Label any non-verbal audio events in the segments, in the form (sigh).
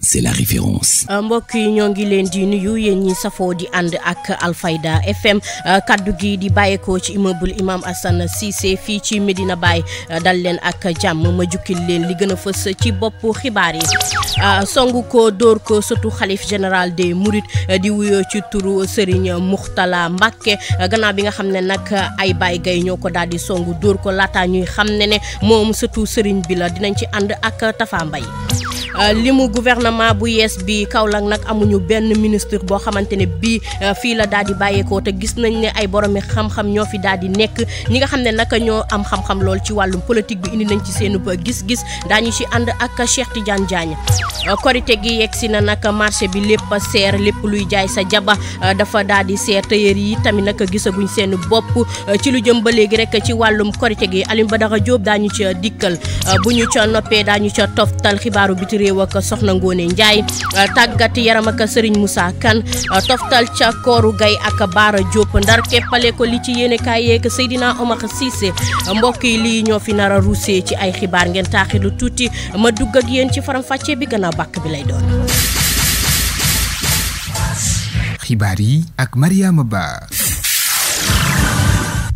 c'est la référence. Euh, mbokk yi ñoo ngi leen di nuyu yéen ñi safoo di ànd ak Alfayda FM euh, kaddu gi di bàyyeekoo ci immeuble imaam Assane Cissé fii ci médina bàyyi euh, dal leen ak jàmm ma jukki leen li gën a fës ci bopp xibaar yi songu ko dóor ko sëtu xalif général des Mourides di wuyoo ci turu Serigne Mourtala Mbacke gannaaw bi nga xam ne nag ay Baye Gaye ñoo ko daal di songu dóor ko laata ñuy xam ne ne moom sëtu Serigne bi la dinañ ci ànd ak Tafa yi limu gouvernement gouvernement bu yees bi Kaolack nag amuñu benn ministre boo xamante ne bii euh, fii la daal di bàyyeekoo te gis nañ ne ay boromi xam ñoo fi daal di nekk ñi nga xam ne nag ñoo am xam-xam lool ci wàllum politique bi indi nañ ci seen gis-gis daañu ci ànd ak Cheikh Tidiane Diagne euh, gi yegg si na nag marché bi lépp a seer lépp luy jaay sa jaba euh, dafa daal di seer tëyër yi tamit nag gisaguñ seen bopp ci lu jëm ba léegi rek ci wàllum korite gi Alioune Badara Diop daañu ca dikkal bu ñu ca noppee daañu ca toftal xibaaru biti réew soxna Ngoone Ngoné Ndiaye uh, tàggat yaram ak Serigne Moussa Kane uh, toftal ca Kooru Gay ak Baara Diop ndar keppale ko li ci yéene kaay yeeg Seydina Omar Cissé mbokk yi lii ñoo fi nar a ruusee ci ay xibaar ngeen taaxi lu tuuti ma dugg ak yéen ci faram-fàccee bi gannaaw bàkk bi lay doon.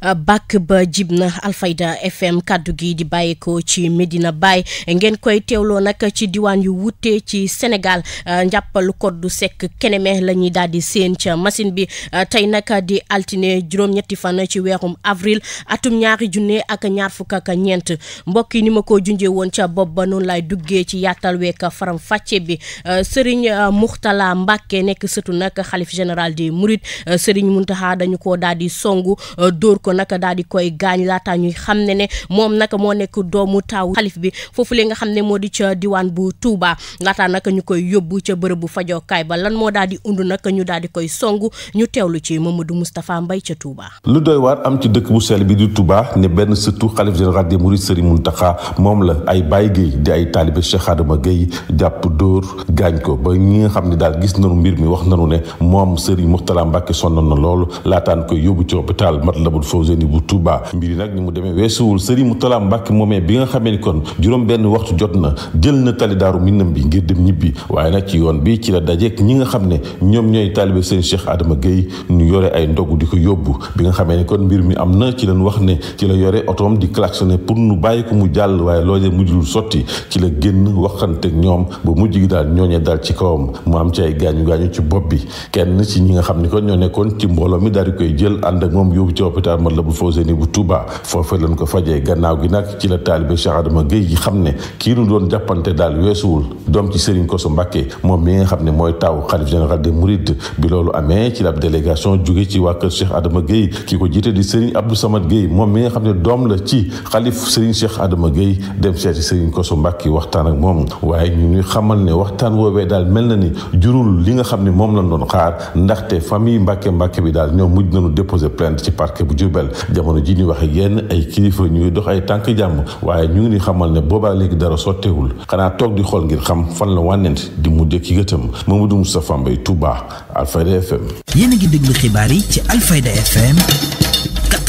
bàkk ba jib na Alfayda FM kàddu gi di bàyyeekoo ci Medina bàyyi ngeen koy teewloo nag ci diwaan yu wute ci Sénégal euh, njàppalu du sekk keneme la ñuy daal di séen ca machine bi euh, tey nag di altine juróom-ñetti fan ci weerum avril atum ñaari junne ak ñaar fukk ak ñeent mbokk yi ni ma ko junjee woon ca bopp ba noonu lay duggee ci yaatal week faram fàcce bi euh, Serigne Mourtala Mbacke nekk sëtu nag xalif général di Mouride Serigne Mountakha dañu ko daal di songu dóor ko. ko naka daal di koy gaañ laataa ñuy xam ne ne moom naka moo nekk doomu taaw xalif bi foofu li nga xam ne moo di ca diwaan bu tuubaa laataa naka ñu koy yóbbu ca bërëb bu fajokaay ba lan moo daal di undu naka ñu daal di koy songu ñu teewlu ci Mamadou Moustapha Mbaye ca Touba. lu doy waar am ci dëkk bu sell bi di Touba ne benn sëtu xalif général des Mourides Serigne Mountakha moom la ay Baye Guèye ay taalibe Cheikh Adama Guèye jàpp dóor gaañ ko ba nga xam ne daal gis nañu mbir mi wax nañu ne moom Serigne Mourtala Mbacke sonnoon na loolu laataan koy yóbbu ci hôpital Matlaboul Fawzeyni bu Touba mbir yi nag ni mu demee weesuwul Serigne Moutala Mbacke moomee bi nga xamee ni kon juróom benn waxtu jot na jël na tali daaru minam bi ngir dem ñibbi waaye nag ci yoon bi ci la dajeek ñi nga xam ne ñoom ñooy taalibe seen Cheikh Adama Gueye ñu yore ay ndogu di ko bi nga xamee ni kon mbir mi am na ci lañ wax ne ci la yore otoom di klaxonné pour nu bàyyi ko mu jàll waaye loolee mujjul sotti ci la génn waxanteeg ñoom ba mujj gi daal ñooñee daal ci kawam mu am ci ay gaañu gaañu ci bi kenn ci ñi nga ñoo nekkoon ci mbooloo mi daal di koy jël ànd ak moom yóbbu ci hôpital Matlaboul Fawzeyni bu Touba foofee lañ ko fajee gannaaw gi nag ci la taalibe Cheikh Adama Guèye yi xam ne kii nu doon jàppante daal weesuwul doom ci Serigne Kosso Mbacké moom mi nga xam ne mooy taaw xalif général des Mourides bi loolu amee ci la délégation jóge ci waa kër Adama Guèye ki ko jiite di Serigne Abdou Samad Guèye moom mi nga xam ne doom la ci xalif Serigne Cheikh Adama Guèye dem seeti Serigne Kosso Mbacké waxtaan ak moom waaye ñu ñuy xamal ne waxtaan woowee daal mel na ni jurul li nga xam ne moom lañ doon xaar ndaxte famille Mbacké Mbacké bi daal ñoom mujj nañu déposé plainte ci parquet bu bel jamono ji ñu wax yenn ay kilifa ñuy dox ay tànk jàmm waaye ñu ngi ni xamal ne boobaa léegi dara sottewul xanaa toog di xool ngir xam fan la wànnent di mujj ki gëtëm Mamadou Moustapha Mbaye Touba Alfayda FM. yéen a ngi déglu xibaar yi ci Alfayda FM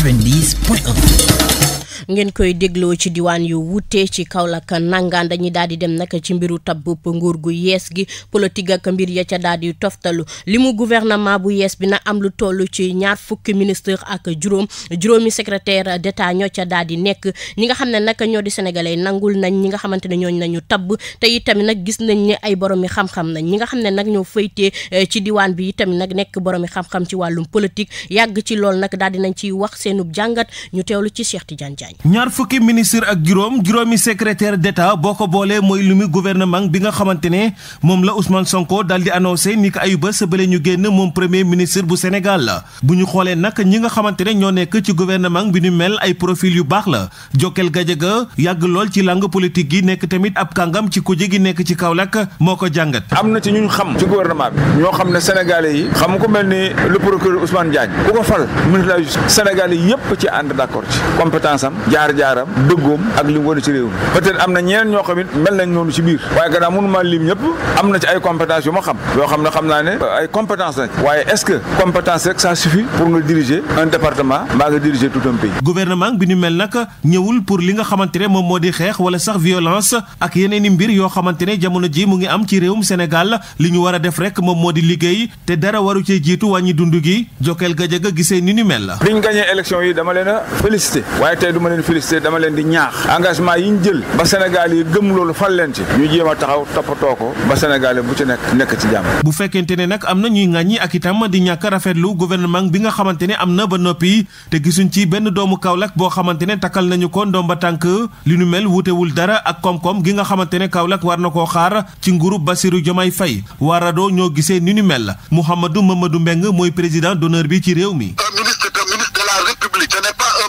90 ngeen koy dégloo ci diwaan yu wuute ci Kaolack nangaan dañuy daal di dem nag ci mbiru tabb nguur gu yees gi politique ak mbir ya ca daal di toftalu li mu gouvernement bu yees bi nag am lu toll ci ñaar fukki ministre ak juróom juróomi secrétaire d'État ñoo ca daal di nekk ñi nga xam ne naka ñoo di sénégalais nangul nañ ñi nga xamante ne ñooñu nañu tabb te itamit nag gis nañ ne ay boromi xam-xam nañ ñi nga xam ne nag ñoo faytee eh, ci diwaan bi itamit nag nekk boromi xam-xam ci wàllum politique yàgg ci lool nag daal di ciy wax seenub jàngat ñu teewlu ci Cheikh Tidiane Diagne ñaar fukki ministre ak juróom juróomi secrétaire d'État boo ko boolee mooy lu mu gouvernement bi nga xamante ne moom la Ousmane Sonko daal di annoncé ni ko ayuba sabale ñu génn moom premier ministre bu Sénégal la bu ñu xoolee nag ñi nga xamante ne ñoo nekk ci gouvernement bi ñu mel ay profil yu baax la Jokal Gajaga yàgg lool ci langue politique gi nekk tamit ab kàngam ci kuje gi nekk ci Kaolack moo ko jàngat. am na ci ñu xam ci gouvernement bi ñoo xam ne sénégalais yi xam ko mel ni le procureur Ousmane Diagne ku ko fal ministre de ci ànd d'accord ci xam-xamam jaar-jaaram dëggoom ak li mu wane ci réew mi peut am na ñeen ñoo xam mel nañ noonu ci biir waaye gannaaw mënuma lim ñëpp am na ci ay compétence yu ma xam yoo xam ne xam naa ne ay compétence lañ waaye est-ce que compétence rek sa suffit pour nga diriger un département mbaa nga diriger tout un pays gouvernement bi ñu mel nag ñëwul pour li nga xamante ne moom moo di xeex wala sax violence ak yeneen i mbir yoo xamante ne jamono ji mu ngi am ci réewum Sénégal li ñu war a def rek moom moo di liggéey te dara waru cee jiitu wàññi dund gi jokkeel gajaga gisee ni ñu mel la. biñ gagné élection yi dama leen ma leen félicité dama engagement yi jël ba Sénégal yi gëm loolu fal leen ci ñu jéem a taxaw toppatoo ko ba Sénégal bu ci nekk nekk ci jàmm. bu fekkente ne nag am na ñuy ŋàññi ak itam di ñàkk rafetlu gouvernement bi nga xamante ne am na ba noppi te gisuñ ci benn doomu Kaolack boo xamante ne takkal nañu ko ndomba tànk li nu mel wutewul dara ak koom-koom gi nga xamante ne Kaolack war na koo xaar ci basiru Bassirou Diomaye Faye waarado ñoo gisee ni nu mel Mouhamadou Mamadou Mbeng mooy président d'honneur bi ci réew mi.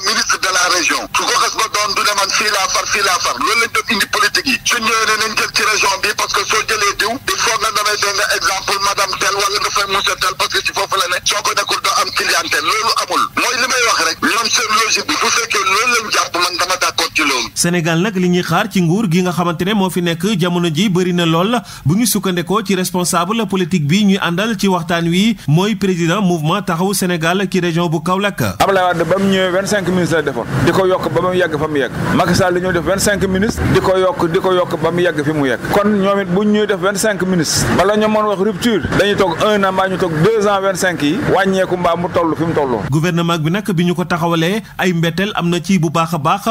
ministre de la région su ko xas ba doon du ne man fii laa far fii laa far loolu lañ doon indi politique yi su ñëwee ne nañ jël ci région bi parce que soo jëlee diw il faut nga damay dégg nga exemple madame tel wala nga fay monsieur tel parce que ci foofu la ne soo ko nekkul doo am clientèle loolu amul mooy li may wax rek ñoom seen logique bi bu fekkee Sénégal nag li ñuy xaar ci nguur gi nga xamante ne moo fi nekk jamono ji bëri na lool bu ñu sukkandekoo ci responsable politique bi ñuy àndal ci waxtaan wi mooy président mouvement taxawu Sénégal ci région bu Kaolack. Abdoulaye Wade ba mu ñëwee vingt cinq ministres la defoon di ko yokk ba mu yegg fa mu yegg Macky Sall ñëw def vingt cinq ministres di ko yokk di ko yokk ba mu yegg fi mu yegg kon ñoom it bu ñuy def vingt cinq ministres bala ñu mën wax rupture dañuy toog un an mbaa ñu toog yi nag bi ñu ko taxawalee ay mbetteel am na ci bu baax baax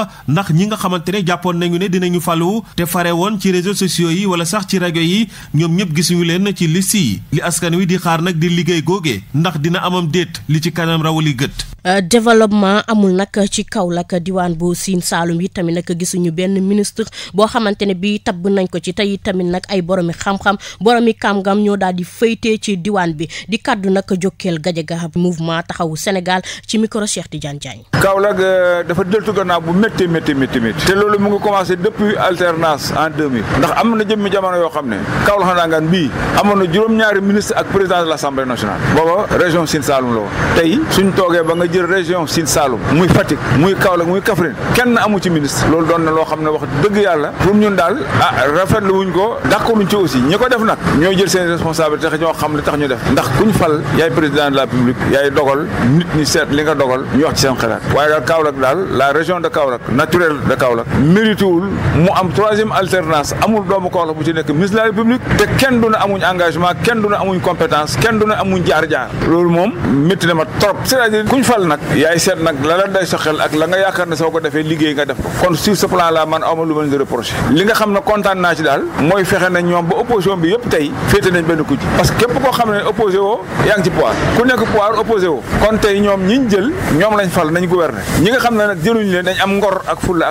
xamante ne jàppoon nañu ne dinañu falu te fare woon ci réseaux sociaux yi wala sax ci rajo yi ñoom ñëpp gisuñu leen ci liste yi li askan wi di xaar nag di liggéey googe ndax dina amam déet li ci kanam rawali gët. Euh, développement amul nag ci Kaolack diwaan bu siin Saalum yi tamit nag gisuñu benn ministre boo xamante ne bii tabb nañ ko ci tey tamit nag ay boromi xam-xam boromi kàmgam ñoo daal di faytee ci diwaan bi di kàddu nag jokkeel gajaga mouvement taxawu Sénégal ci micro Cheikh Tidiane Diagne. Kaolack euh, te loolu mu ngi commencé depuis alternance en 2000 ndax am na jëmmi jamono yoo xam ne Kaolack Ndangaan bii amoon na juróom-ñaari ministre ak président de l' assemblée nationale booba région Sine Saloum la woon tey suñ toogee ba nga jël région Sine Saloum muy Fatick muy Kaolack muy Kaffrine kenn amu ci ministre loolu doon na loo xam ne wax dëgg yàlla pour ñun daal ah rafetlu wuñ ko d'accorduñ ci aussi ñi ko def nag ñoo jël seen responsabilité tax ñoo xam li tax ñu def ndax kuñ fal yaay président de la République yaay dogal nit seet li nga dogal ñu wax ci seen xalaat waaye daal Kaolack daal la région de Kaolack naturelle de Kaolack Kaolack mérité wul mu am troisième alternance amul doomu Kaolack bu ci nekk ministre de la république te kenn du na amuñ engagement kenn du na amuñ compétence kenn du na amuñ jaar-jaar loolu moom métti na ma trop c'est-à-dire kuñ fal nag yaay seet nag la la day sa ak la nga yaakaar ne soo ko defee liggéey nga def ko kon sur ce plan là man awma lu ma leen di reproché li nga xam ne kontaan naa daal mooy fexe na ñoom ba opposition bi yëpp tey féete nañ benn kujj parce que koo xam ne opposé kon tey ñoom ñiñ jël ñoom lañ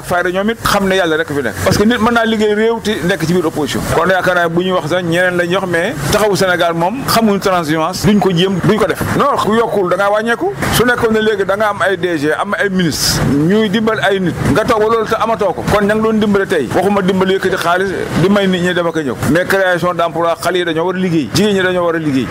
fal ñoom xam ne yàlla rek fi nekk parce que nit mën naa liggéey réew te nekk ci biir opposition kon yaakaar naa bu ñuy wax sax ñeneen lañ wax mais taxawu Sénégal moom xamuñu transhumance duñ ko jéem duñ ko def non yokkul da ngaa wàññeeku su nekkoon ne léegi da am ay DG am ay ministre ñuy dimbal ay nit nga toog ba loolu te amatoo ko kon ña doon dimbale tey waxuma dimbal yëkkati xaalis di may ñi dama ko ñëw mais création d'emploi xale yi a liggéey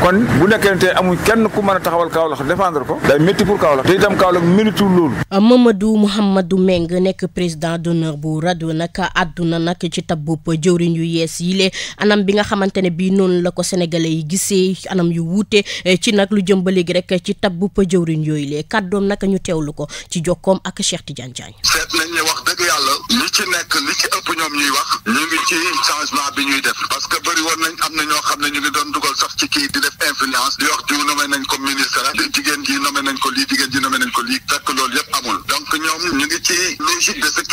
a d'honneur bu rajo nag àdduna nag ci tabbub jëwriñ yu yees yi lee anam bi nga xamante ne bii noonu la ko sénégalais yi gisee anam yu wuute eh, ci nag lu jëm ba léegi rek ci tabbub jëwriñ yooyu lee kàddoom nag ñu lu ko ci jokkoom ak Cheikh Tidiane Diagne seet nañ ne wax dëgg yàlla li ci nekk li ci ëpp ñoom ñuy wax ñu ngi ci changement bi ñuy def parce que bëri woon nañ am na ñoo xam ne ñu ngi doon dugal sax ci kii di def influence di wax diw nommé nañ ko ministre jigéen nañ ko lii jigéen ko lii fekk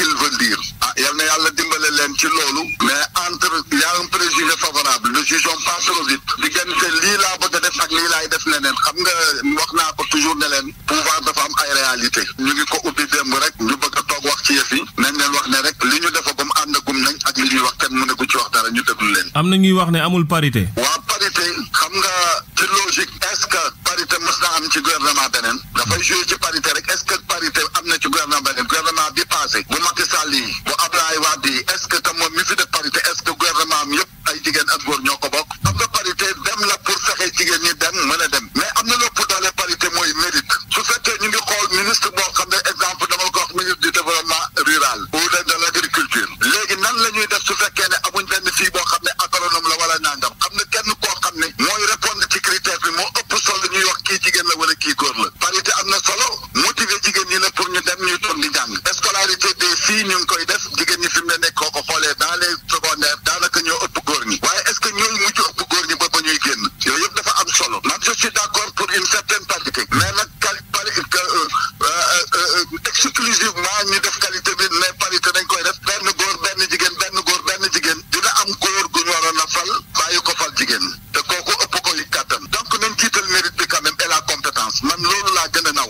loolu rebondir a ah, yal na yàlla dimbale leen ci loolu mais entre y a un préjugé favorable ne jugeons pas trop vite diggante lii laa a def ak lii laay def leneen xam nga wax ko toujours ne leen pouvoir dafa am ay réalité ñu ngi ko ubbi démb rek ñu bëgg a ci yëf yi nañ leen rek li defa ba mu dem nañ ak li ñuy wax kenn mënagu ci wax dara ñu déglu leen. am na ñuy wax ne amul parité. waa parité xam nga ci logique est parité mës na am ci gouvernement beneen. dafay joué ci parité rek est parité am na ci gouvernement beneen gouvernement bi passé bu Macky yi bu Abdoulaye Wade yi est-ce tam moom fi def parité est-ce que ay jigéen ak góor ñoo ko bokk. xam nga parité dem la pour fexe jigéen ñi dem mën a dem mais am na lépp dalee parité mooy mérite su fekkee ñu ngi xool su fekkee ne amuñ benn fii boo xam ne agronome la wala nangam xam na kenn koo xam ne mooy répondre ci critère bi moo ëpp solo ñuy wax kii jigéen la wala kii góor la parité am na solo motiver jigéen ñi la pour ñu dem ñuy toog di jàng scolarité des filles ñu ngi koy def jigéen ñi fi ne nekk koo ko xoolee dans les secondaires daanaka ñoo ëpp góor ñi waaye est-ce que ñooy mujj ëpp góor ñi ba ba ñuy génn yooyu yëpp dafa am solo man je suis d'accord pour une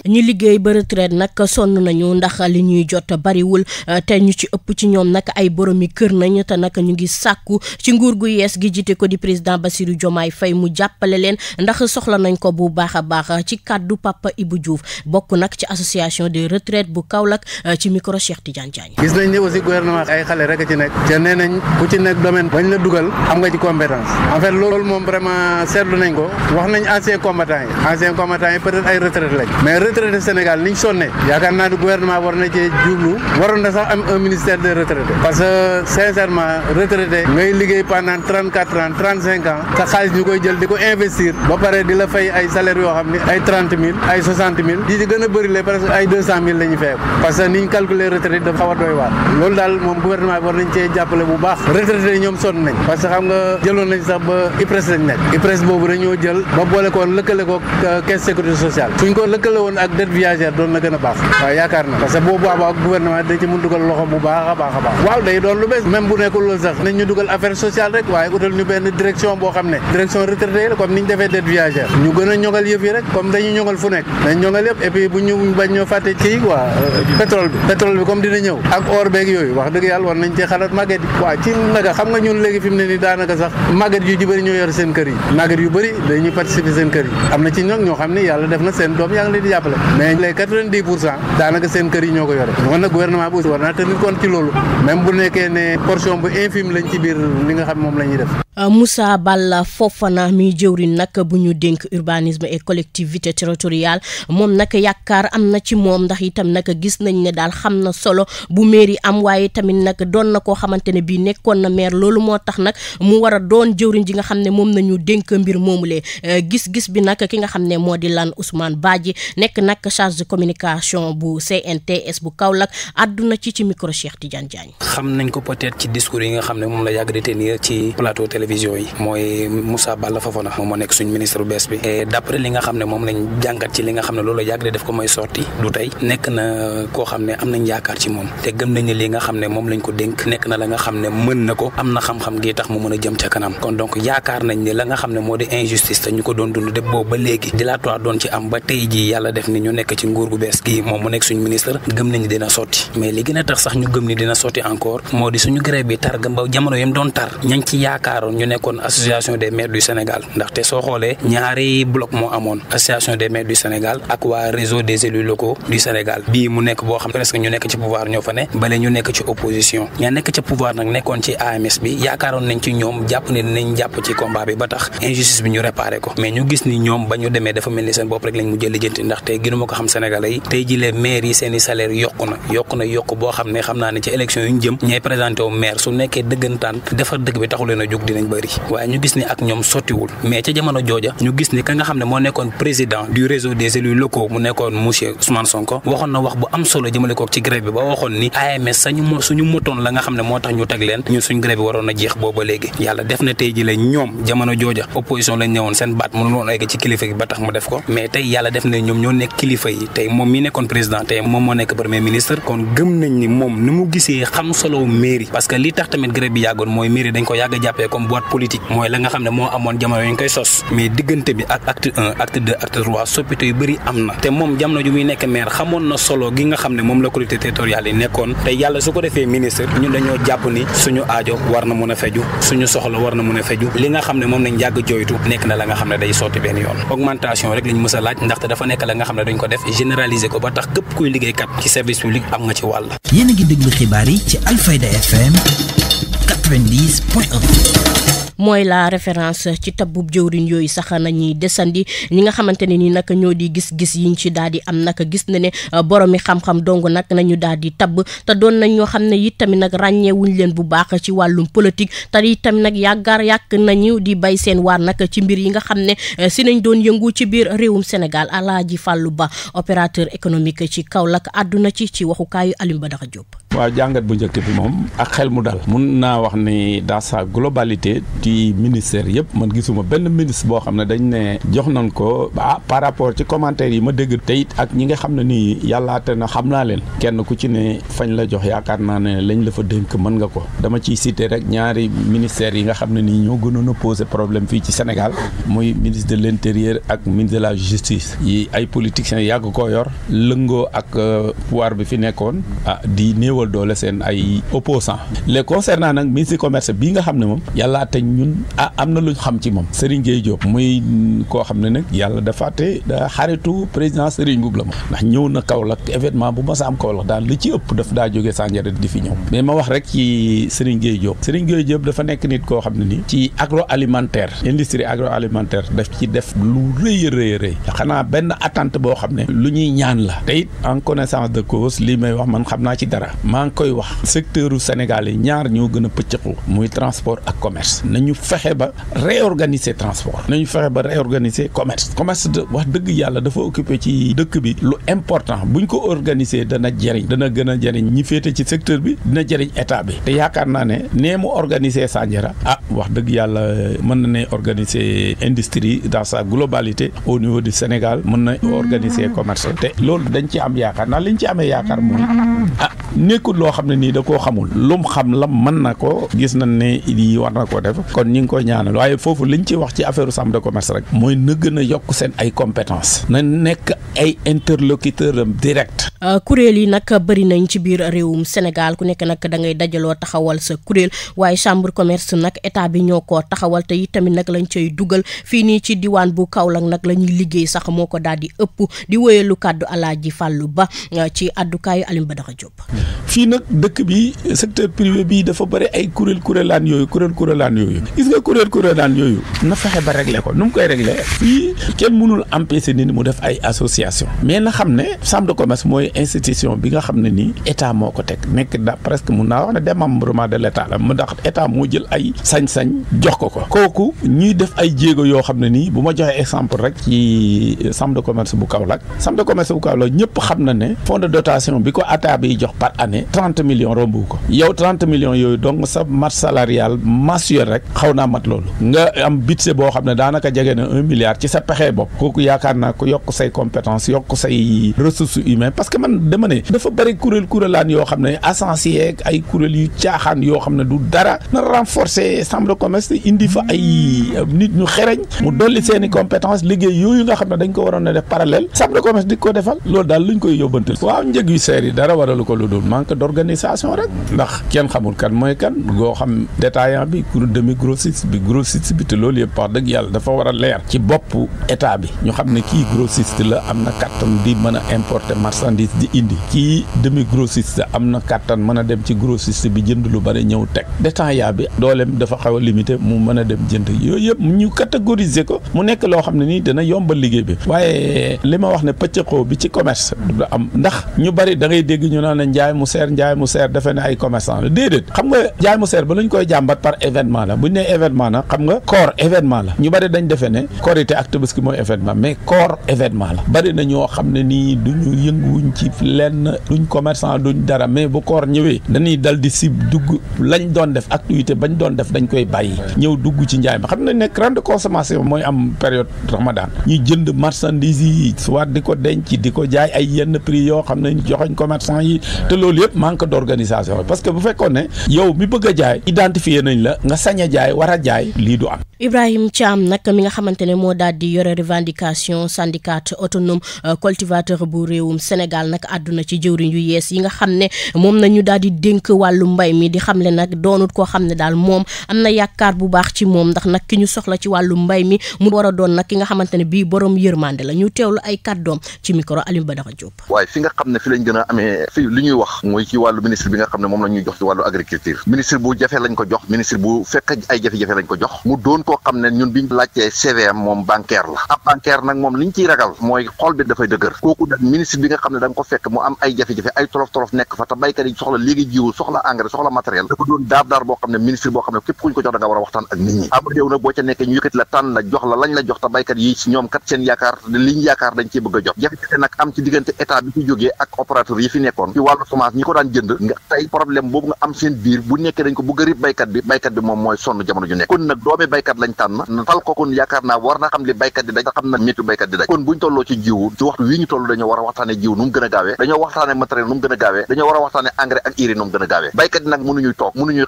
ñi liggéey ba retraite nag sonn nañu ndax li ñuy jot bariwul euh, te ñu ci ëpp ci ñoom nag ay boromi kër nañ te nag ñu ngi sàkku ci nguur gu yees gi jiite ko di président Bassirou Diomaye Faye mu jàppale leen ndax soxla nañ ko bu baax a baax ci kàddu Papa Ibou Diouf bokk nag ci association des retraites bu kaw Kaolack euh, ci micro Cheikh Tidiane Diagne. gis nañ ne aussi gouvernement ay xale rek a ci nekk. te nee nañ ku ci nekk domaine bañ la dugal am nga ci compétence en moom vraiment seetlu nañ ko wax nañ ancien combattant yi ancien ay retraite lañ retraités Sénégal niñ sonnee yaakaar naa ni gouvernement war na cee jublu waroon na sax am un ministère des retraités parce que sincèrement retraité ngay liggéey pendant trente quatre ans trente cinq ans sa xaalis ñu koy jël di ko investir ba pare di la fay ay salaires yoo xam ne ay trente mille ay soixante mille di ci gën a bëri la presque ay deux cent mille la ñu parce que niñ calculer retraité dafa xaw a doy loolu daal moom gouvernement bi ak dette viagère doon na gën a baax waaw yaakaar na parce que boobu boobaa gouvernement da ci mun dugal loxo bu baax a baax a baax waaw day doon lu bees même bu nekkul loolu sax nañ ñu dugal affaire sociale rek waaye utal ñu benn direction boo xam ne direction retraité la comme ni ñu defee dette viagère ñu gën a ñogal yëf yi rek comme dañu ñogal fu nekk dañ ñogal yëpp et puis bu ñu bañ ñoo fàtte ci quoi pétrole bi pétrole bi comme dina ñëw ak or beeg yooyu wax dëgg yàlla war nañ ci xalaat màgget yi waaw ci naka xam nga ñun léegi fi mu ne nii daanaka sax màgget yu ci bëri ñoo yor seen kër yi màgget yu bëri dañuy participer seen kër yi am na ci ñoom ñoo xam ne yàlla def na seen doom yaa ngi leen di jàppale mais les quatre vingt daanaka seen kër yi ñoo ko yore kon nag gouvernement bi aussi war loolu même bu nekkee ne portion bu infime nga xam moom la ñuy def. Euh, Moussa Balla Fofana mi jëwriñ nag bu ñu dénk urbanisme et collectivité territoriale moom nag yaakaar am na ci moom ndax itam nag gis nañ ne daal xam na solo bu yi am waaye tamit nag doon na koo xamante ne bii nekkoon na maire loolu moo tax nag mu war a doon jëwriñ ji nga xam ne moom nañu dénk mbir moomulee euh, gis-gis bi nag ki nga xam ne moo di lan Ousmane Badji nekk nag charge de communication bu CNTS bu Kaolack àdduna ci ci micro Cheikh Tidiane xam nañ ko peut ci discours yi nga xam ne moom la yàgg di tenir ci plateau télévision yi mooy Moussa Balla Fofana moom moo nekk suñ ministre bu bees bi et d'après li nga xam lañ ko mooy nekk na koo xam ci moom te gëm nañ ne li nga xam ne moom lañ ko dénk nekk na la nga xam ne mën na ko am na xam-xam gi tax mu mën a jëm ca kanam kon donc yaakaar nañ la nga xam ne moo di injustice te ñu ko doon dund def boobu ba léegi dilatoire doon ci am ba tey ji yàlla def ni ni ñu nekk ci nguur gu bees gii moom mu nekk suñu ministre gëm nañu dina sotti mais li gën a tax sax ñu gëm ni dina sotti encore moo di suñu grève bi tar gamba jamono yam amoon association des maires du Sénégal ak waa réseau des élus locaux du Sénégal bii mu nekk boo xam presque ñu nekk ci pouvoir ñoo fa ne bale ñu nekk ci opposition ña nekk ci pouvoir nag nekkoon ci AMS bi yaakaaroon nañ ci ñoom jàpp ne dinañ jàpp ci combat bi ba tax injustice bi ñu réparé ko gënu ma ko xam sénégalais yi tey ji les maires yi seen salaire yokku na yokk boo xam ne xam naa ne ci élection yu ñu ñay présenté wu su nekkee dëggantaan defar dëkk bi taxu leen a jóg dinañ bëri waaye ñu gis ni ak ñoom sottiwul mais ca jamono jooja ñu ko ci motoon la nga xam ne moo tax ñu teg leen ñun suñ grève bi waroon a jeex booba léegi yàlla def na tey ji ñoom jamono jooja opposition lañ ñëwoon seen baat mënul woon egg ci kilifa gi ba tax mu kilifa yi tey moom mi nekkoon président tey moom moo nekk premier ministre kon gëm nañ ni moom ni mu gisee xam solo mairie parce que li tax tamit grève bi yàggoon mooy mairie dañ ko yàgg a jàppee comme boîte politique mooy la nga xam ne am na te moom jamono ju muy nekk maire xamoon na solo gi nga xam ne moom la collectivité territoriale yi nekkoon te yàlla su ko defee ministre ñun dañoo jàpp ni suñu aajo war na mun a feju suñu soxla war na mun a feju li nga xam ne moom lañ yàgg joytu nekk na la nga xam ne day sotti benn yoon augmentation rek lañ mës a laaj ndaxte dafa nekk la nga xam ne dañ ko def généraliser ko ba tax képp kuy liggéeykat ci service public am nga ci wàll. yéen a ngi déglu xibaar yi ci Alfayda FM 90 point 1. mooy la référence ci tabbub jëwriñ yooyu sax nañuy desandi ñi nga xamante ne ni nag ñoo di gis-gis yi ñu ci daal di am nag gis na ne uh, boromi xam-xam dong nag nañu daal di tabb te doon nañ ñoo xam ne it tamit nag ràññeewuñ leen bu baax ci wàllum politique te it nag yàggaar yàq nañu di bay seen waar nag ci mbir yi nga xam ne uh, si nañ doon yëngu ci biir réewum Sénégal Alaaji Fàllu Ba opérateur économique ci kaw Kaolack àdduna ci ci waxukaayu Alioune Badara Diop. waaw jàngat bu njëkk bi moom ak xel mu dal. mun naa wax ni dans sa globalité. ci ministère yëpp man gisuma benn ministre boo xam ne dañ ne jox nañ ko ah par rapport ci commentaire yi ma dégg tey ak ñi nga xam ne nii yàllaate na xam naa leen kenn ku ci ne fañ la jox yaakaar naa ne lañ la fa dénk mën nga ko dama ciy citer rek ñaari ministères yi nga xam ne nii ñoo gënoon a poser problème fii ci Sénégal muy ministre de l'intérieur ak ministre de la justice yi ay politiciens yàgg koo yor lëngoo ak euh, pouvoir bi fi nekkoon ah di néewal doole seen ay opposants ñun ah, am na lu ñu xam ci moom Serigne Gueye Diop muy koo xam ne nag yàlla dafa te da xaritu président Serigne Mboup la moom ndax ñëw na Kaolack événement bu ma sa am Kaolack daan lu ci ëpp daf daa jógee Sandiara di fi ñëw mais ma wax rek ci Serigne Gueye Diop Serigne dafa nekk nit koo xam ne ni ci agro agroalimentaire agro agroalimentaire daf ci def lu rëy a rëy xanaa benn attente boo xam ne lu ñuy ñaan la te it en connaissance de cause lii may wax man xam naa ci dara maa ngi koy wax secteur u Sénégal gën a pëccëxu muy transport ak commerce ñu fexe ba réorganiser transport nañu fexe ba réorganiser commerce commerce de wax dëgg yàlla dafa occupé ci dëkk bi lu important bu ñu ko organiser dana jëriñ dana gën a jëriñ ñi féete ci secteur bi dina jëriñ état bi te yaakaar naa ne nee mu organiser Sandiara ah wax dëgg yàlla euh, mën na ne organiser industrie dans sa globalité au niveau du Sénégal mën na organiser mm-hmm. commerce te loolu dañ ci am yaakaar ndax liñ ci amee yaakaar mooy mm-hmm. ah nekkul loo xam ne nii da koo xamul lum xam la mën na ko gis nañ ne lii war na koo def kon ñu ngi koy ñaanal waaye foofu liñ ci wax ci affaire chambre de commerce rek mooy na gën a yokk seen ay compétence na nekk ay interlocuteur direct euh, kuréel yi nag bëri nañ ci biir réewum Sénégal ku nekk nag da ngay dajaloo taxawal sa kuréel waaye chambre commerce nag état bi ñoo ko taxawal te tamit nag lañ cay dugal fii nii ci diwaan bu Kaolack nag la ñuy liggéey sax moo ko daal di ëpp di wéyalu kàddu ji Fàllu Ba euh, ci àddukaayu Alioune Badara fii nag dëkk bi secteur privé bi dafa bëri ay kuréel kuréelaan yooyu kuréel kuréelaan yooyu yooyu gis nga kuréel kuréel daan yooyu na fexe ba régler ko nu mu koy régler fii kenn mënul empêcher nit mu def ay association mais na xam ne chambre de commerce mooy institution bi nga xam ne nii état moo ko teg nekk da presque mun naa wax ne démembrement de l' état la mu ndax état moo jël ay sañ-sañ jox ko ko kooku ñuy def ay jéego yoo xam ne nii bu ma joxee exemple rek ci chambre de commerce bu Kaolack chambre de commerce bu Kaolack ñëpp xam na ne fonds de dotation bi ko état jox par année trente millions rombu ko yow trente millions yooyu donc sa masse salariale mensuelle rek xaw naa mat loolu nga am budget boo xam ne daanaka jege na un milliard ci sa pexe bopp kooku yaakaar naa ko yokk say compétence yokk say ressources humaines parce que man dama ne dafa bëri kuréel kuréelaan yoo xam ne associé ak ay kuréel yu caaxaan yoo xam ne du dara na renforcer chambre de commerce indi fa ay euh, nit ñu xereñ mu dolli seen i compétence liggéey yooyu nga xam ne dañ ko waroon a def parallèle chambre de commerce di ko defal loolu daal luñ koy yóbbantal waaw njëg yu seer yi dara waralu ko lu dul manque d'organisation rek ndax kenn xamul kan mooy kan goo xam détaillant bi grossiste bi grossiste bi te loolu yëpp wax dëgg yàlla dafa war a leer ci bopp état bi ñu xam ne kii grossiste la am na kattan di mën a importer di indi kii demi grossiste am na kattan mën a dem ci grossiste bi jënd lu bari ñëw teg détaillant bi dooleem dafa xaw a limité mu mën a dem jënd yooyu yëpp ñu catégoriser ko mu nekk loo xam ne nii dana yombal liggéey bi waaye li ma wax ne pëccëxoo bi ci commerce da am ndax ñu bari da ngay dégg ñu naan ne njaay mu seer njaay mu seer defe ne ay commerçant la déedéet bu ñu nee événement na xam nga koor événement la ñu bari dañ defee ne korité ak tabaski mooy événement mais koor événement la bari na ñoo xam ne nii du ñu yënguwuñ ci lenn duñ commerçant duñ dara mais bu koor ñëwee dañuy dal di si dugg lañ doon def activité bañ doon def dañ koy bàyyi ñëw dugg ci njaay ma xam nañ ne grande consommation mooy am période ramadan ñu jënd marchandise yi soit di ko denc di ko jaay ay yenn prix yoo xam ne joxoñ commerçant yi loolu yëpp manque d'organisation parce que bu fekkoon ne yow mi bëgg a jaay nañ la jaay war a jaay lii du am. Ibrahim Thiam nag mi nga xamante ne moo daal di yore revendication syndicat autonome euh, cultivateur bu réewum Sénégal nag àdduna ci jëwriñ yu yees yi nga xam ne moom nañu daal di dénk wàllu mbay mi di xam le nag doonut koo xam ne daal moom am na yaakaar bu baax ci moom ndax nag ki ñu soxla ci wàllu mbay mi mu war a doon nag ki nga xamante ne bii borom yërmande la ñu teewlu ay doom ci micro Alioune Badara Diop. waaye fi nga xam ne fi lañ gën a amee fi li ñuy wax mooy ci wàllu ministre bi nga xam ne moom la ñuy jox ci wàllu agriculture ministre bu jafe lañ ko jox ay jafe-jafe lañ ko jox mu doon koo xam ne ñun biñ laajtee CVM moom bancaire la ab bancaire nag moom liñ ci ragal mooy xol bi dafay dëgër kooku da bi nga xam ne da ko fekk mu am ay jafe-jafe ay tolof-tolof nekk fa te béykat yi soxla léegi jiwu soxla engrais soxla matériel dafa doon daar daar boo xam boo xam ne képp kuñ ko jox da nga war a waxtaan ak nit ñi am réew la tànn la jox la lañ la jox te yaakaar liñ yaakaar dañ ciy bëgg a jot jafe am ci diggante état bi fi jógee yi fi nekkoon ci wàllu semence ñi ko daan jënd nga tey problème boobu nga ko bëgg a rib bi béykat bi moom mooy son tollu kon nag doomi baykat di daj te xam na métti baykat di daj kon buñ tolloo ci jiwu ci waxtu wii ñu toll dañoo war a waxtaane jiw nu mu gën a gaawee dañoo waxtaane matériel nu mu gën a gaawee dañoo war a waxtaane nu mu gën a gaawee baykat yi nag mënuñuy toog mu ngi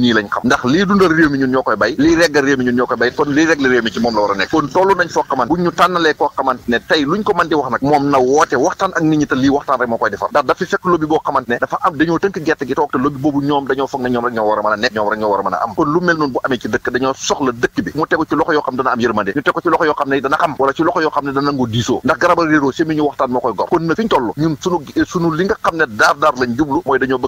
nii lañ xam ndax lii dundal réew mi ñun ñoo koy a nekk kon di nag moom na woote waxtaan ak nit ñi te lii waxtaan rek moo koy defar ndax dafa fekk lobby boo xamante ne dafa am ñoo war ñoo war a mën a am kon lu mel noonu bu amee ci dëkk dañoo soxla dëkk bi mu tegu ci loxo yoo xam dana am yërmande ñu teg ci loxo yoo xam ne dana xam ne daar daar lañ jublu mooy dañoo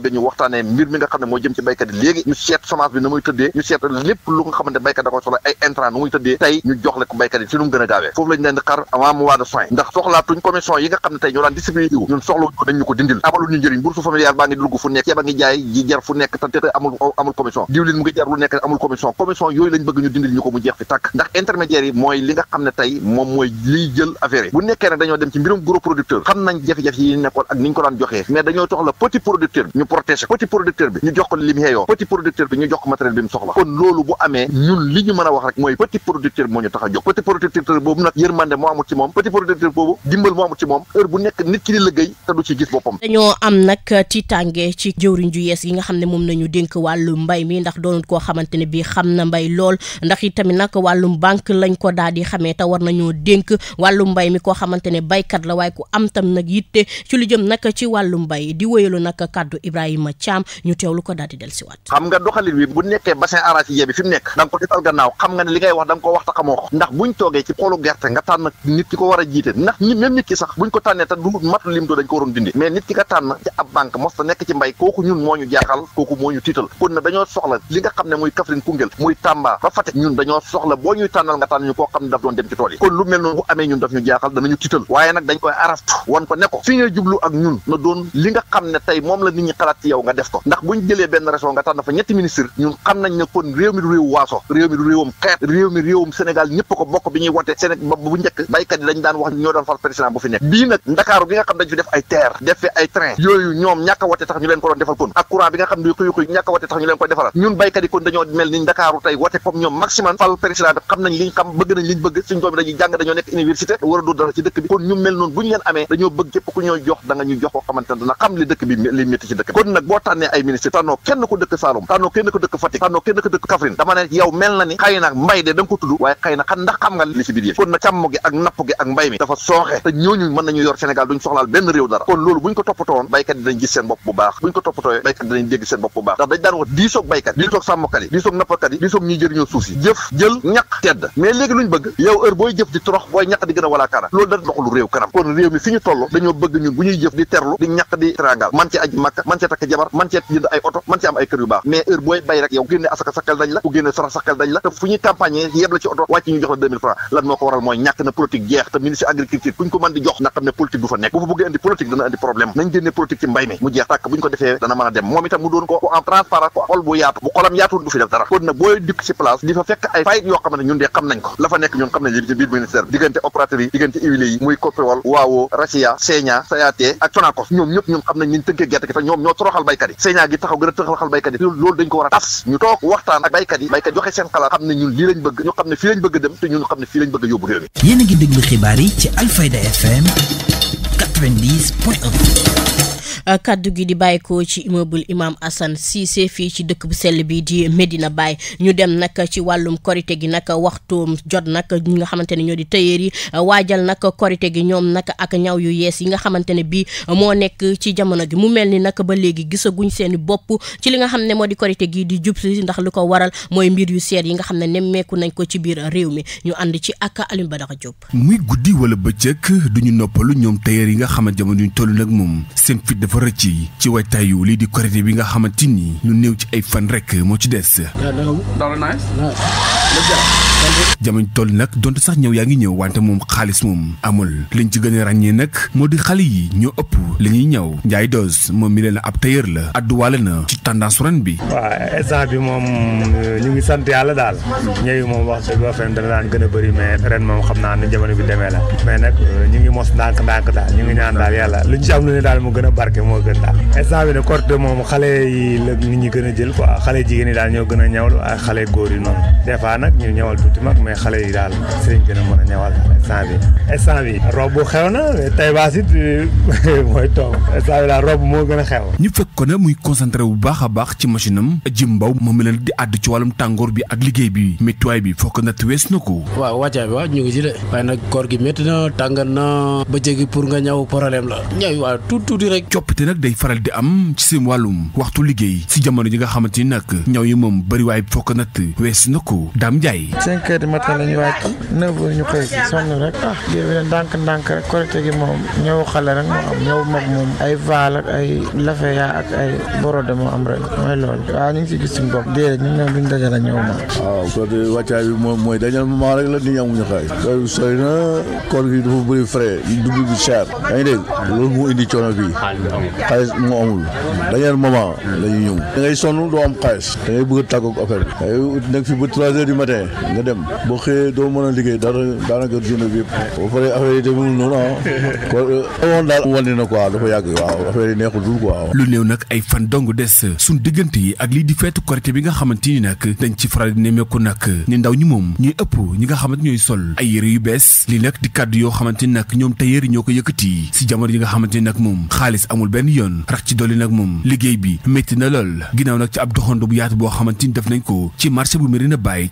baa ngi dugg fu nekk ceeb a ngi jaay ji jar fu nekk te amul commission diwlin mu ngi jar lu nekk amul commission commission yooyu lañ bëgg ñu dindil ñu ko mu jeex fi tàkk ndax intermédiaires yi mooy li nga xam ne tey moom mooy liy jël affaire yi bu nekkee nag dañoo dem ci mbirum gros producteur xam nañ jafe-jafe yi nekkoon ak ni ñu ko daan joxee mais dañoo soxla petit producteur bi ñu jox ko li mu petit producteur bi ñu jox ko matériel bi mu soxla kon loolu bu amee ñun li ñu mën a wax rek mooy petit producteur moo ndax doonul koo xamante ne bii xam na mbay lool ndax itamit nag wàllum banque lañ ko daal di xamee te war na ñoo dénk wàllum mbay mi koo xamante ne baykat la waaye ku am tam nag yitte ci lu jëm nag ci wàllu mbay di wéyalu nag kàddu Ibrahima Thiam ñu lu ko daal di dellusiwaat xam nga doxalin wi bu nekkee bassin arachidier bi fi mu nekk da nga ko defal gannaaw xam nga ne li ngay wax da nga ko wax te xamoo ko ndax buñ toogee ci xoolu gerte nga tànn nit ko war a jiite ndax ñi même ki sax buñ ko tànnee te du ko waroon dindi mais nit ki nga tànn ci ab kooku ñun moo ñu jaaxal kooku moo ñu soxla li nga xam ne muy Kaffrine Koungheul muy Tamba ba ñun dañoo soxla boo ñuy tànnal nga tànn ñu koo xam ne daf doon dem ci tool yi kon lu mel noonu bu amee ñun daf ñu jaaxal danañu tiital waaye nag dañ koy araftu wan ko ne fi nga xam ne tey ñetti ministre ñun xam nañ ne kon réew mi du réew waaso réew mi du réewum xeet réew mi réewum Sénégal ñëpp ko bokk bi ñuy wote Sénégal bu njëkk baykat yi dañ daan wax ñoo doon fal président bu fi nekk bii nag a a wote ñun béykat yi kon dañoo mel ni ndakaaru tey wote comme ñoom maximum fal président bi xam nañ liñ xam bëgg nañ liñ bëgg suñ doom dañuy jàng dañoo a dóor dara ci dëkk bi kon ñu mel noonu ne dana xam li dëkk bi ko dëkk Saloum tànnoo kenn ko dëkk Fatick tànnoo kenn ko dëkk Kaffrine dama ne yow mel na ni xëy na mbay de da ko tudd waaye xëy na xam ndax xam nga li ci biir yëf kon nag càmm gi ak napp gi ak mbay mi dafa sooxe te ñooñu mën nañu yor Sénégal duñ soxlaal benn réew dara kon loolu buñ ko toppatoon baykat toppatoo baykat dinañ dégg seen bopp bu baax baykat yi lii soog sàmmkat yi lii soog nappkat yi lii soog jëriñoo suuf si jëf jël ñaq di torox booy ñaq a walaa kaara loolu da doxalu réew kanam kon réew mi fi ñu toll dañoo bëgg ñun bu ñuy jëf di terlu di ñaq di trangal man ci aji màkka man cee takk jabar man cee jënd ay oto man cee am ay kër yu baax mais heure booy bay rek yow génne asaka sakkal dañ la ku génne sarax sakkal dañ la te fu ñuy campagne yeb la ci oto wàcc ñu jox la deux mille francs lan moo ko waral mooy ñàkk na politique jeex a dem moom itam mu bu xolam yaatuwul du fi def dara kon nag booy dikk ci place di fa fekk ay fayit yoo xam ñun de xam nañ ko la fa nekk ñun xam nañ ci biir ministère diggante opérateur yi diggante huiliers yi muy Copéol Wawo Racia Seña Sayate ak Sonacos ñoom ñëpp ñun xam nañ ñu tënkee gerte gi te ñoom ñoo toroxal baykat yi gi taxaw gën a toroxal baykat loolu dañ ko war a tas ñu toog waxtaan ak baykat yi joxe seen xalaat xam ne ñun lii lañ bëgg ñu xam ne fii lañ bëgg Euh, kaddu gi di bàyyeekoo ci immeuble imam Assane Cissé fii ci dëkk bu sell bi di Medina bàyyi ñu dem nag ci wàllum korite gi nag waxtu jot nag ñi nga xamante ne ñoo di tëyeer yi euh, waajal nag korite gi ñoom nag ak ñaw yu yees yi nga xamante ne bii moo nekk ci jamono gi mu mel ni nag ba léegi gisaguñ seen bopp ci li nga xam ne moo di korite gi di jub si ndax lu ko waral mooy mbir yu seer yi nga xam ne nemmeeku nañ ko ci biir réew mi ñu ànd ci ak alimba Badara Diop. muy guddi wala bëccëg duñu noppalu ñoom tëyeer yi nga xam ne jamono ñu toll nag moom seen fit dafa dafa rëcc ci waajtaayu lii di korite bi nga xamante ni lu néew ci ay fan rek moo ci des. jamono tool nag donte sax ñëw yaa ngi ñëw wante moom xaalis moom amul liñ ci gën a ràññee nag moo di xale yi ñoo ëpp li ñuy ñëw Ndiaye Doss moom mi leen ab tailleur la adduwaale na ci tendance ren bi. waaw instant bi moom euh, ñu ngi sant yàlla daal ñëw moom wax dëgg wax dëgg daan gën a bëri mais ren moom xam naa ne jamono bi demee la mais nag euh, ñu ngi mos ndànk-ndànk a moo gën daal instant bi de Korité moom xale yi la nit ñi gën a jël quoi xale jigéen yi daal ñoo gën a ñawlu ak xale góor yi noonu des fois nag ñu ñawal tuuti mag mais xale yi daal si gën a mën a ñawal instant bi instant bi rob xew na tay (laughs) mooy toog instant daal rob moo gën a xew ñu fekk ko ne muy concentré bu baax a baax ci machine am jim mbaw moom la di àdd ci wàllum tàngoor bi ak liggéey bi méttiwaay bi fokk natt wees na ko waaw wàccaay bi waaw ñu ngi ci ba jéggi pour nga ñaw problème la coppite nag day faral di am ci seen wàllum waxtu liggéey si jamono ji nga xamante ni nag ñaw yi moom bëri waay fokk natt wees na ko daam njaay cinq heures du matin la ñu wàcc neuf heures ñu xëy si sonn rek ah géwél ndànk ndànk rek korité gi moom ñëw rek moo am ñëw mag moom ay vaal ak ay lafeya ak ay borode moo am rek mooy loolu waaw ñu ngi si gis suñu bopp déedéet ñu ñoom duñ dajal ñëw ma waaw kon wàccaay bi mooy dajal ma rek la nit ñi amuñu xëy koor bi sooy na koor gi dafa bëri frais xaalis moo amul dernier moment la ñuy ñëw da ngay sonn doo am xaalis da ngay a da ngay nekk fi ba trois heures du matin nga dem boo xëyee doo mën a liggéey dara daanaka journée bi yi ah. euh, daal wane na quoi dafa yàgg waaw affaire yi neexul dul quoi lu néew nag ay fan dong des suñ diggante yi ak lii di feetu korité bi nga xamante ni nag dañ ci faral di nemmeeku nag ni ndaw ñi moom ñuy ëpp ñi nga xamante ñooy sol ay yére yu bees lii nag di kàddu yoo xamante ni nag ñoom tailleur ñoo ko yëkkati si jamono yi nga xamante ni moom xaalis amul yemul benn yoon rax ci dolli nag moom liggéey bi métti na lool ginnaaw nag ci ab doxandu bu yaatu boo xamante ni def nañ ko ci marché bu Médina Baye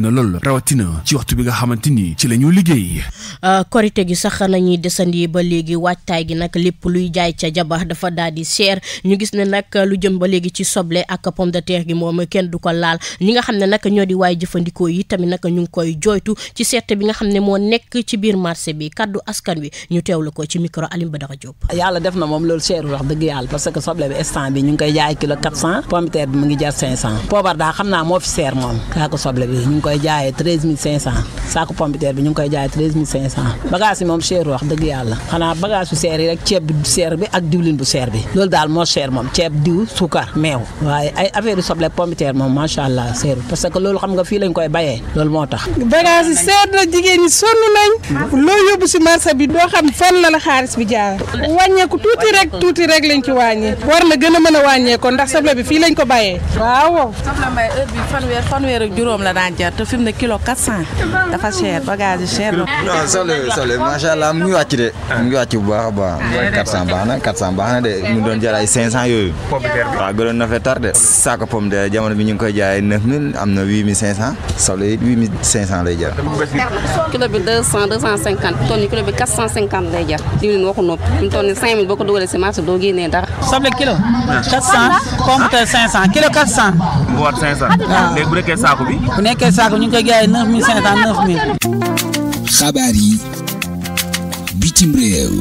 na lool rawatina ci waxtu bi nga xamante ci la ñu liggéey. Euh, korite gi sax nañuy desandi ba léegi waajtaay gi nag lépp luy jaay ca jabax dafa daal seer ñu gis ne nag lu jëm ba léegi ci soble ak pomme de terre gi moom kenn du ko laal ñi nga xam ne nag ñoo di waay jëfandikoo yi tamit nag ñu ngi koy jooytu ci seet bi nga xam ne moo nekk ci bi kàddu askan wi ñu teewlu ko ci micro Alim Badara Diop. yàlla def na moom loolu cherul wax dëgg yàlla parce que soble bi instant bi ñu koy jaay kilo 400 pomme de bi mu ngi jar seer moom saako bi ñu koy jaayee 13500 saako pomme de terre moom cherul wax dëgg yàlla xanaa bagage yu seer yi seer bi ak diwlin bu seer bi loolu daal moo seer moom ceeb diw suukar meew waaye ay soble pomme moom macha allah seerul parce que loolu xam nga fii lañ koy bayee loolu fan la la bi jaar wàññeeku tuuti rek tuuti rek lañ ci wàññi war na gën a mën a wàññeekoo ndax soble bi fii lañ ko bàyyee waaw soble mbay heure juróom la daan jar te fi mu ne kilo 400 dafa cher bagage yi cher non soble soble macha mu ngi wàcc mu ngi bu baax a baax 400 baax na 400 baax na de mu doon jar ay 500 yooyu waaw gënoon na fee tardé saako de jamono bi ñu ngi koy jaayee 9000 am na 8500 soble yi 8500 lay jar kilo bi 200 250 tonne kilo jar diwlin waxu nopp fi mu toll nii boo ko dugalee si marché doo génnee dara. soble kilo. 400 compote 500 kilo 400. bu waat 500. waaw ah, léegi bu nekkee saako bi. bu nekkee saako ñu bitim réew.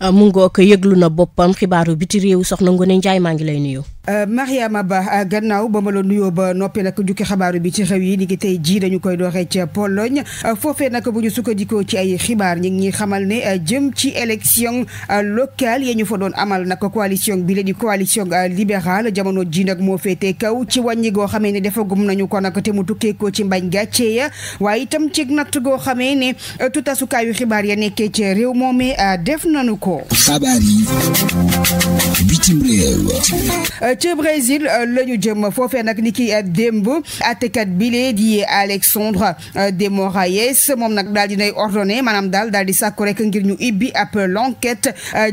Ah, mu ngoog yëglu na boppam xibaaru biti réew soxna Ngoné Ndiaye maa ngi lay nuyu. Euh, Mariama Ba euh, gannaaw ba ma la nuyoo ba noppi nag jukki xabaaru bi ci xew yi ni ngi tey jii dañu koy doxee ca Pologne euh, foofee nag bu ñu sukkandikoo ci ay xibaar ñi ngi xamal ne jëm ci élection locale ya ñu fa doon amal nag coalition bi la di coalition libérale jamono ji nag moo féetee kaw ci wàññi goo xamee ne defagum nañu ko nag te mu tukkee ko ci mbañ gàcce ya waaye itam ci natt goo xamee ne tutasukaayu xibaar ya nekkee ci réew moomee def nañu ko. xabaar ci Brésil euh, la ñu jëm foofee nag ni ki euh, démb àttekat bile di Alexandre euh, de Moraes moom nag daal dinay ordonné maanaam daal daal di sàkku rek ngir ñu ibbi ab l'enquête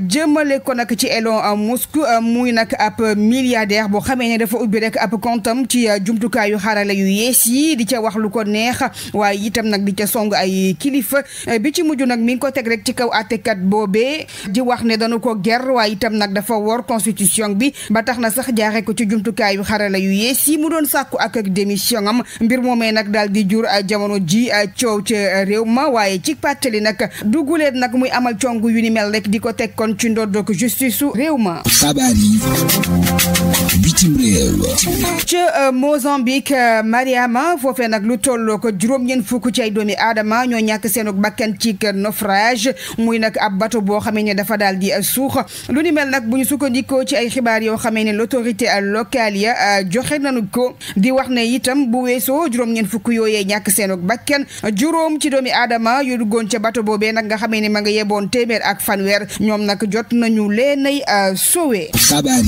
jëmale ko nag ci Elon Musk muy nag ab milliardaire boo xamee ne dafa ubbi rek ab comptam ci jumtukaayu xarala yu yees yi di ca wax lu ko neex waaye itam nag di ca song ay kilifa bi ci mujj nag mi ngi ko teg rek ci kaw àttekat boobee di wax ne danu ko ger waaye itam nag dafa wor constitution bi ba tax na sax jaare ko ci jumtukaayu xarala yu yees yi mu doon sàkku ak ak démission am mbir moomee nag daal di jur ah, jamono ji ah, coow ca ah, réew ma waaye ci pàttali nag duguleet nag muy amal cong yu ni mel rek di ko teg koon ci ndoddoog justice su réew ma. xabaar yi. bitim réew ca euh, Mozambique euh, Mariama foofe nag lu tolloo ko juróom-ñeent fukk ci ay doomi aadama ñoo ñàkk seenu bakkan ci naufrage muy nag ab bato boo xamee ne dafa daal di euh, suux lu ni mel nag bu ñu sukkandikoo ci ay xibaar yoo xamee ne l'autorité locale ya joxe nañu ko di wax ne itam bu weesoo juróom-ñeent fukk yooyee ñàkk seenu bakkan juróom ci doomi aadama yu duggoon ca bateau boobee nag nga xamee ni ma nga yeboon téeméer ak fanweer ñoom nag jot nañu leenay sowe xabaar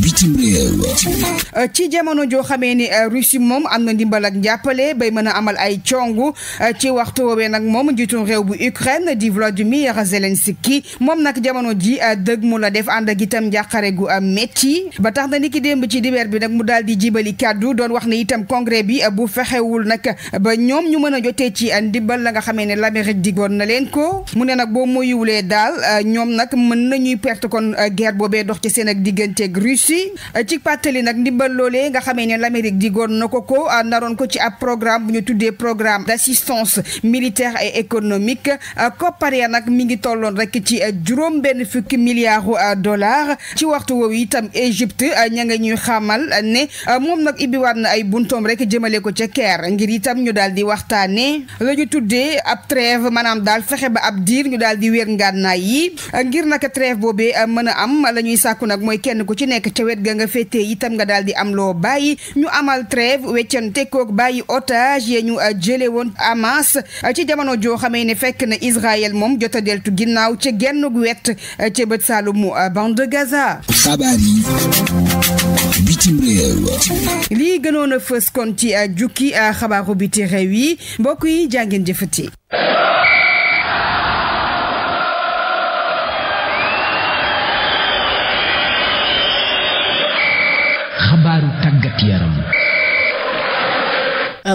bitim euh, ci jamono joo xamee ni euh, Russie moom am na ndimbal ak njàppale bay mën a amal ay congu euh, ci waxtu woowee nag moom njiitum réew bu Ukraine di Volodymyr Zelensky moom nag jamono ji dëgg mu la def ànd ak itam njàqare gu métti ba tax na ni ki démb ci dibeer bi nag mu daal di jibali kàddu doon wax na itam congrès bi bu fexewul nag ba ñoom ñu mën a jotee ci ndimbal la nga xamee ne l'Amérique digoon na leen ko mu ne nag boo moyuwulee daal ñoom nag mën nañuy perte kon guerre dox ci seen ak digganteeg Russie ci pàttali nag ndimbal loole nga xamee ne l'Amérique digoon na ko ko ah, naroon ko ci ab programme bu ñu tuddee programme d'assistance militaire et économique ah, koppar ya nag mi ngi tolloon rek ci ah, juróom benn fukki milliards dollars ci waxtu woowu itam Égypte ña nga ñuy xamal ne moom nag ibbiwaat na ay buntoom rek jëmale ko ca Caire ngir itam ñu daal di waxtaanee la tuddee ab trêve maanaam daal fexe ba ab diir ñu daal di wér ngànnaay yi ngir nag trêve boobee mën am la ñuy sàkku nag mooy kenn ku ci nekk ca wet ga nga féete itam nga daal di am loo bàyyi ñu amal trêve weccante koog bàyyi otage yee ñu euh, jële woon Hamas ci jamono joo xamee ne fekk na Israël moom jot a deltu ginnaaw ca genn wet euh, ca bët saalumu euh, bande de Gaza. xabaar yi bitim réew. lii gënoon a fës kon ci jukki xabaaru biti réew yi mbokk yi jàngeen jëfati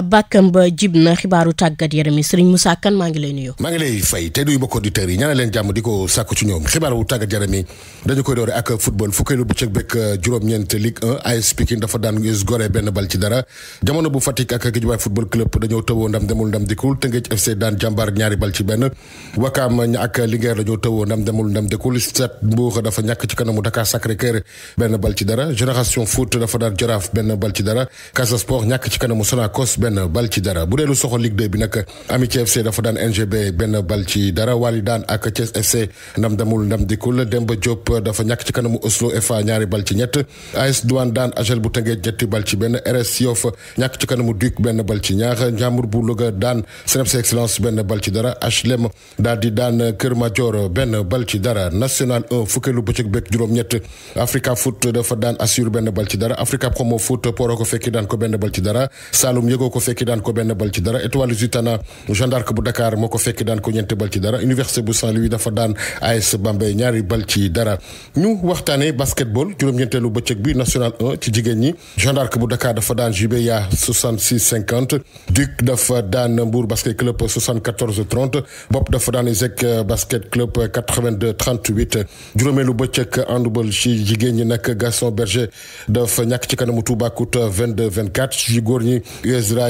bàkkam ba jib na xibaaru tàggat yaram yi Serigne Moussa Kane maa ngi lay nuyu. maa ngi lay fay te duy bokk auditeurs yi ñaanal leen jàmm di ko sàkku ci ñoom xibaaru tàggat yaram yi dañu koy doore ak football fukkeelu bu bekk euh, juróom-ñeent Ligue 1 AS dafa daan Gorée benn bal ci dara Génération Foot dafa daan Jaraaf benn bal ci dara Casa Sport ci kanamu Sonacos benn bal ci bu dee lu soxla Ligue 2 bi nag Amitié FC dafa daan NGB benn bal ci dara Wali daan ak Thiès FC ndam damul ndam dikul Demba Diop dafa ñàkk ci kanamu Oslo FA ñaari bal ci ñett AS Douane daan AJEL bu Tëngéej ñetti bal ci benn RS Yoff ñàkk ci kanamu DUC benn bal ci ñaar Ndiambour bu Louga daan CNEPS Excellence benn bal ci dara HLM daal di daan Kër Madior benn bal ci dara National 1 fukkeelu bëccëg beeg juróom-ñett Africa Foot dafa daan assure benn bal ci dara Africa Promo Foot Poro ko fekki benn bal ci dara ko fekki daan ko benn bal ci dara Étoile Lusitana Jeanne d'Arc bu Dakar moo ko fekki daan ko ñeenti bal ci dara Université bu Saint-Louis dafa daan AS Bambey ñaari bal ci dara ñu waxtaanee basketball juróom-ñeenteelu bëccëg bi national 1 ci jigéen ñi Jeanne bu Dakar dafa daan Jubéya 66 50 Duc dafa daan Mbour basket club 74 30 Bopp dafa daan Iseg basket club 82 38 juróomeelu bëccëg handball ci jigéen ñi nag Gaston Berger dafa ñàkk ci kanamu Toubacouta 22 24 ci ñi USRA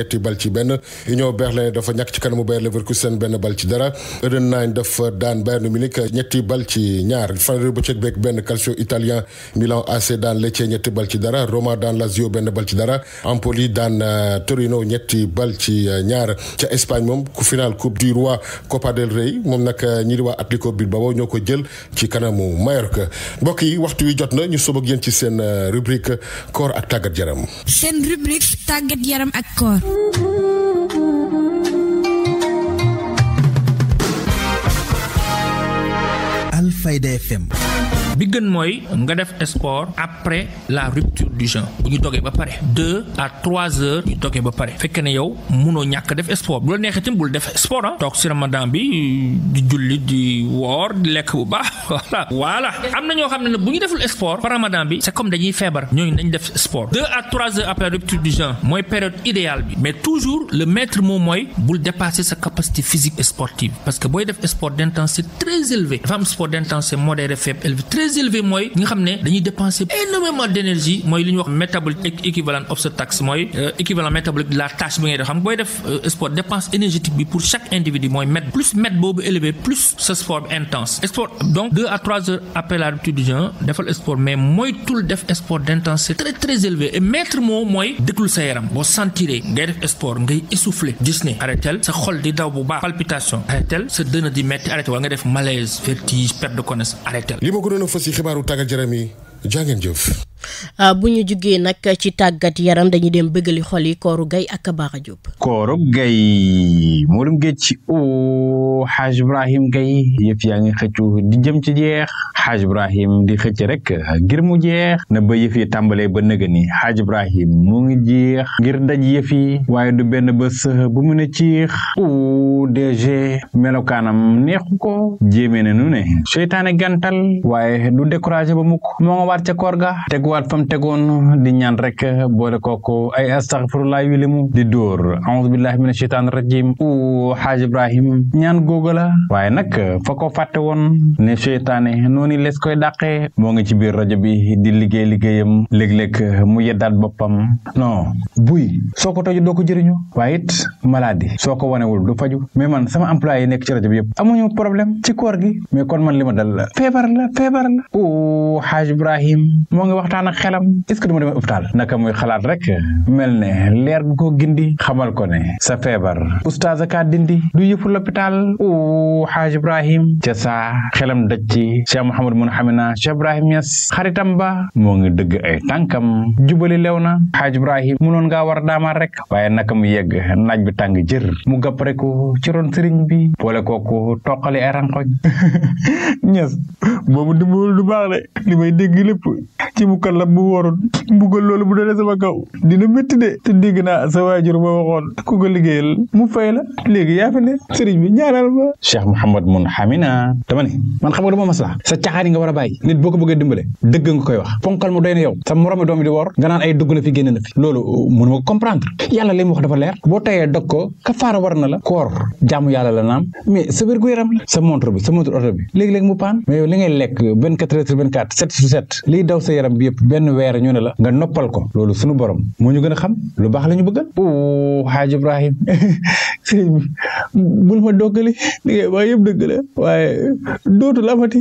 ñetti bal ci benn Union Berlin dafa ñàkk ci kanamu Bayer Leverkusen benn bal ci dara Heidenheim dafa daan Bayern Munich ñetti bal ci ñaar fanweeri bëccëg beeg benn calcio italien Milan AC daan Lecce ñetti bal ci dara Roma daan Lazio benn bal ci dara Empoli daan euh, Torino ñetti bal ci euh, ñaar ca Espagne moom ku final coupe du roi Copa del Rey moom nag euh, ñi waa Atlético Bilbao ñoo ko jël ci kanamu Mallorca mbokk yi waxtu wi jot na ñu sóob ak yéen ci seen rubrique corps ak tàggat yaram. Alfayda FM bi gën mooy nga def sport après la rupture du jeûne bu ñu dogee ba pare deux à trois heures ñu dogee ba pare fekk ne yow munoo ñàkk def sport bu la neexee tamit bul def sport ah toog si ramadan bi di julli di woor di lekk bu (laughs) ñoo xam ne bu ñu deful sport par bi c'est comme dañuy deux à trois heures après la rupture du jeûne mooy période idéale bi mais toujours le maître mot mooy bul dépasser sa capacité physique sportive parce que booy def sport d'intensité très élevé dafa am sport d'intensité modéré faible élevé très élevé mooy nga xam ne dañuy dépenser énormément d'énergie mooy li ñuy wax métabolique équivalent of the tax mooy euh, équivalent métabolique de la tâche bi ngay def xam booy def euh, sport dépense énergétique bi pour chaque individu mooy mètre plus mètre boobu élevé plus sa sport bi intense sport donc deux à trois heures après la rupture du defal sport mais moytul def sport d'intensité très très élevé et maître moo mooy déglu sa yaram boo sentiree ngay def sport ngay fës yi xibaaru tàggat yaram yi jaa jëf. Ah, bu ñu jugee nag ci tàggat yaram dañuy dem bëggali xol yi Kooru Gaye ak Bara Diop. Kooru Gaye moolum géej ci o Xaaj Ibrahim Gaye yëf yaa ngi xëccu di jëm ci jeex Xaaj Ibrahim di xëcc rek ngir mu jeex na ba yëf tàmbalee ba nëgë ni Xaaj Ibrahim mu ngi jeex ngir daj yëf waaye du benn ba sëx bu mu ne ciix o DG melokaanam neexu ko jéemee na nu ne seytaane gantal waaye du découragé ba mukk moo nga war ca koor ga tegu teguwaat fam tegoon di ñaan rek boole kooku ay astaxfirullah yu limu di dóor aoudu billahi min asheytaan rajim u xaaj ibrahim ñaan googu la waaye nag fa ko fàtte woon ne seytaane noonu les koy dàqee moo ngi ci biir rajo bi di liggéey liggéeyam léeg-léeg mu yeddaat boppam no buy soo ko toju doo ko jëriñu waaye it maladie soo ko wanewul du faju mais man sama employé yi nekk ci rajo bi yëpp amuñu problème ci koor gi mais kon man li ma dal la feebar la xaaj ibrahim moo ngi waxtaan waxtaan ak xelam est-ce que du ma demee hôpital naka muy xalaat rek mel ne leer bu ko gindi xamal ko ne sa feebar oustaz aka dindi du yëfu l'hôpital o xaaj ibrahim ca saa xelam daj ci cheikh mouhamad mun xamina cheikh ibrahim Niass xaritam ba moo ngi dëgg ay tànkam jubali lew na xaaj ibrahim munoon ngaa war daamaar rek waaye naka mu yegg naaj bi tàng jër mu gàpp reku ci ron sëriñ bi boole kooku toqali ay rankoñ (laughs) Niass boobu dimbalul du baax de li may mbugal la bu wóorul mbugal loolu bu doonee kaw dina métti de te dégg sa waajur ba waxoon ku ko léegi yaa fi ne sëriñ ma Cheikh Mouhamad mun xamina dama ne man xam nga mu uh, comprendre yàlla li mu wax dafa leer boo tayee dog ko kafaara war na la koor jaamu yàlla la naam mais sa wér-gu-yaram la montre bi sa montre bi léegi-léegi mu paan mais yow li ngay lekk 24 heures sur 24 7 sur 7 liy daw sa yaram yëpp benn weer a ne la nga noppal ko loolu sunu borom moo ñu gën xam lu baax la ñu bëggal o xaaj Ibrahim (laughs) sëriñ bi bul ma doggali li ngay wax yëpp dëgg la waaye dootul amati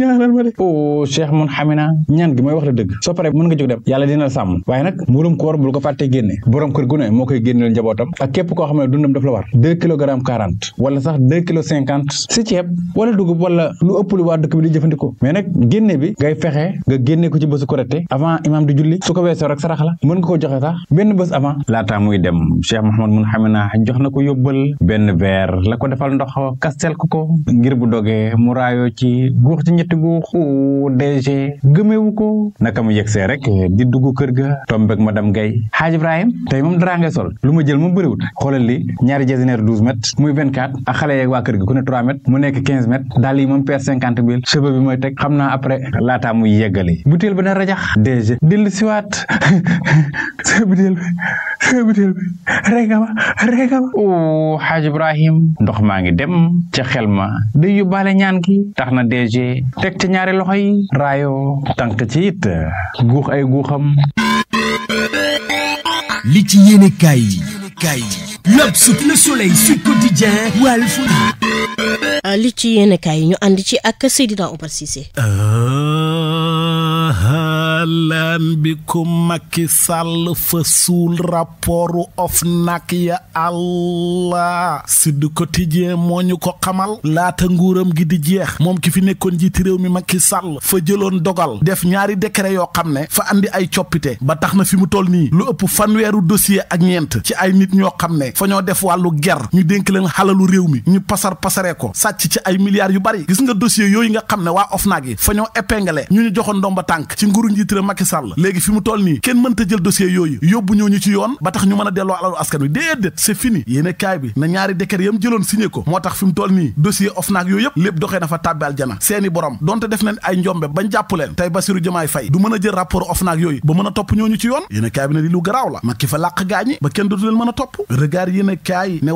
ñaanal ma de o Cheikh mun xamina ñaan gi mooy wax la dëgg soo paree mën nga jóg dem yàlla dina la sàmm waaye nag mburum koor bul ko fàttee génne borom ko gu ne moo koy génneel njabootam ak képp koo xam ne dundam daf la war deux kilogramme quarante wala sax deux kilo cinquante si ceeb wala dugub wala lu ëpp lu waa dëkk bi di jëfandikoo mais nag génne bi fexe nga génne ko ci bésu korite fàtte avant imam di julli su ko weesoo rek sarax la ko joxe sax benn bés avant laataa muy dem Cheikh Mouhamad mun xamina jox na ko yóbbal benn verre la ko defal ndox kastel ko ko ngir bu dogee mu raayoo ci guux ci ñetti guux DG gëmeewu ko naka mu yegsee rek di dugg kër ga tombeeg madame Gaye Hadj Ibrahim tey moom dara ngay sol lu ma jël moom bëriwut xoolal li ñaari jasineer 12 mètres muy 24 ak xale yeeg waa kër ga ku ne 3 mètres mu nekk 15 mètres daal yi moom pèse 50 mille bi mooy teg xam naa après laataa muy yeggali DG dellu siwaat sa (laughs) butéel bi sa butéel bi rega ma rega ma o Xaaj Ibrahim ndox maa ngi dem ca xel ma day yóbbaale ñaan gi tax na DG teg ca ñaari loxo yi raayo tànk ci guux ay guuxam li ci yéene kaay L'Obs Le Soleil ah, yi ñu ànd ci ak Seydina Omar Cissé lan bi ko Macky Sall fa suul rapportu OFNAC ya Allah Sud Quotidien moo ñu ko xamal laata nguuram gi di jeex moom ki fi nekkoon jiiti réew mi Macky Sall fa jëloon dogal def ñaari décret yoo xam ne fa indi ay coppite ba tax na fi mu toll nii lu ëpp fanweeru dossier ak ñeent ci ay nit ñoo xam ne fa ñoo def wàllu ger ñu dénk leen xalalu réew mi ñu pasar pasaree ko sàcc ci ay milliards yu bari gis nga dossier yooyu nga xam ne waa OFNAC yi fa ñoo épinglé ñu ñu joxoon ndomba tànk ci nguuru njiitëra Macky Sall léegi fi mu toll nii kenn mënta jël dossier yooyu yóbbu ñoo ñu ci yoon ba tax ñu mën a delloo alalu askan wi déedéet c'est fini yéene kaay bi na ñaari décret yam jëloon signé ko moo tax fi mu toll nii dossier OFNAC yooyu yëpp lépp doxee na fa tàbbi aljana seeni borom donte def nañ ay njombe bañ jàpp leen tey Bassirou Diomaye Faye a jël a topp a Dakar yéen a kaay ne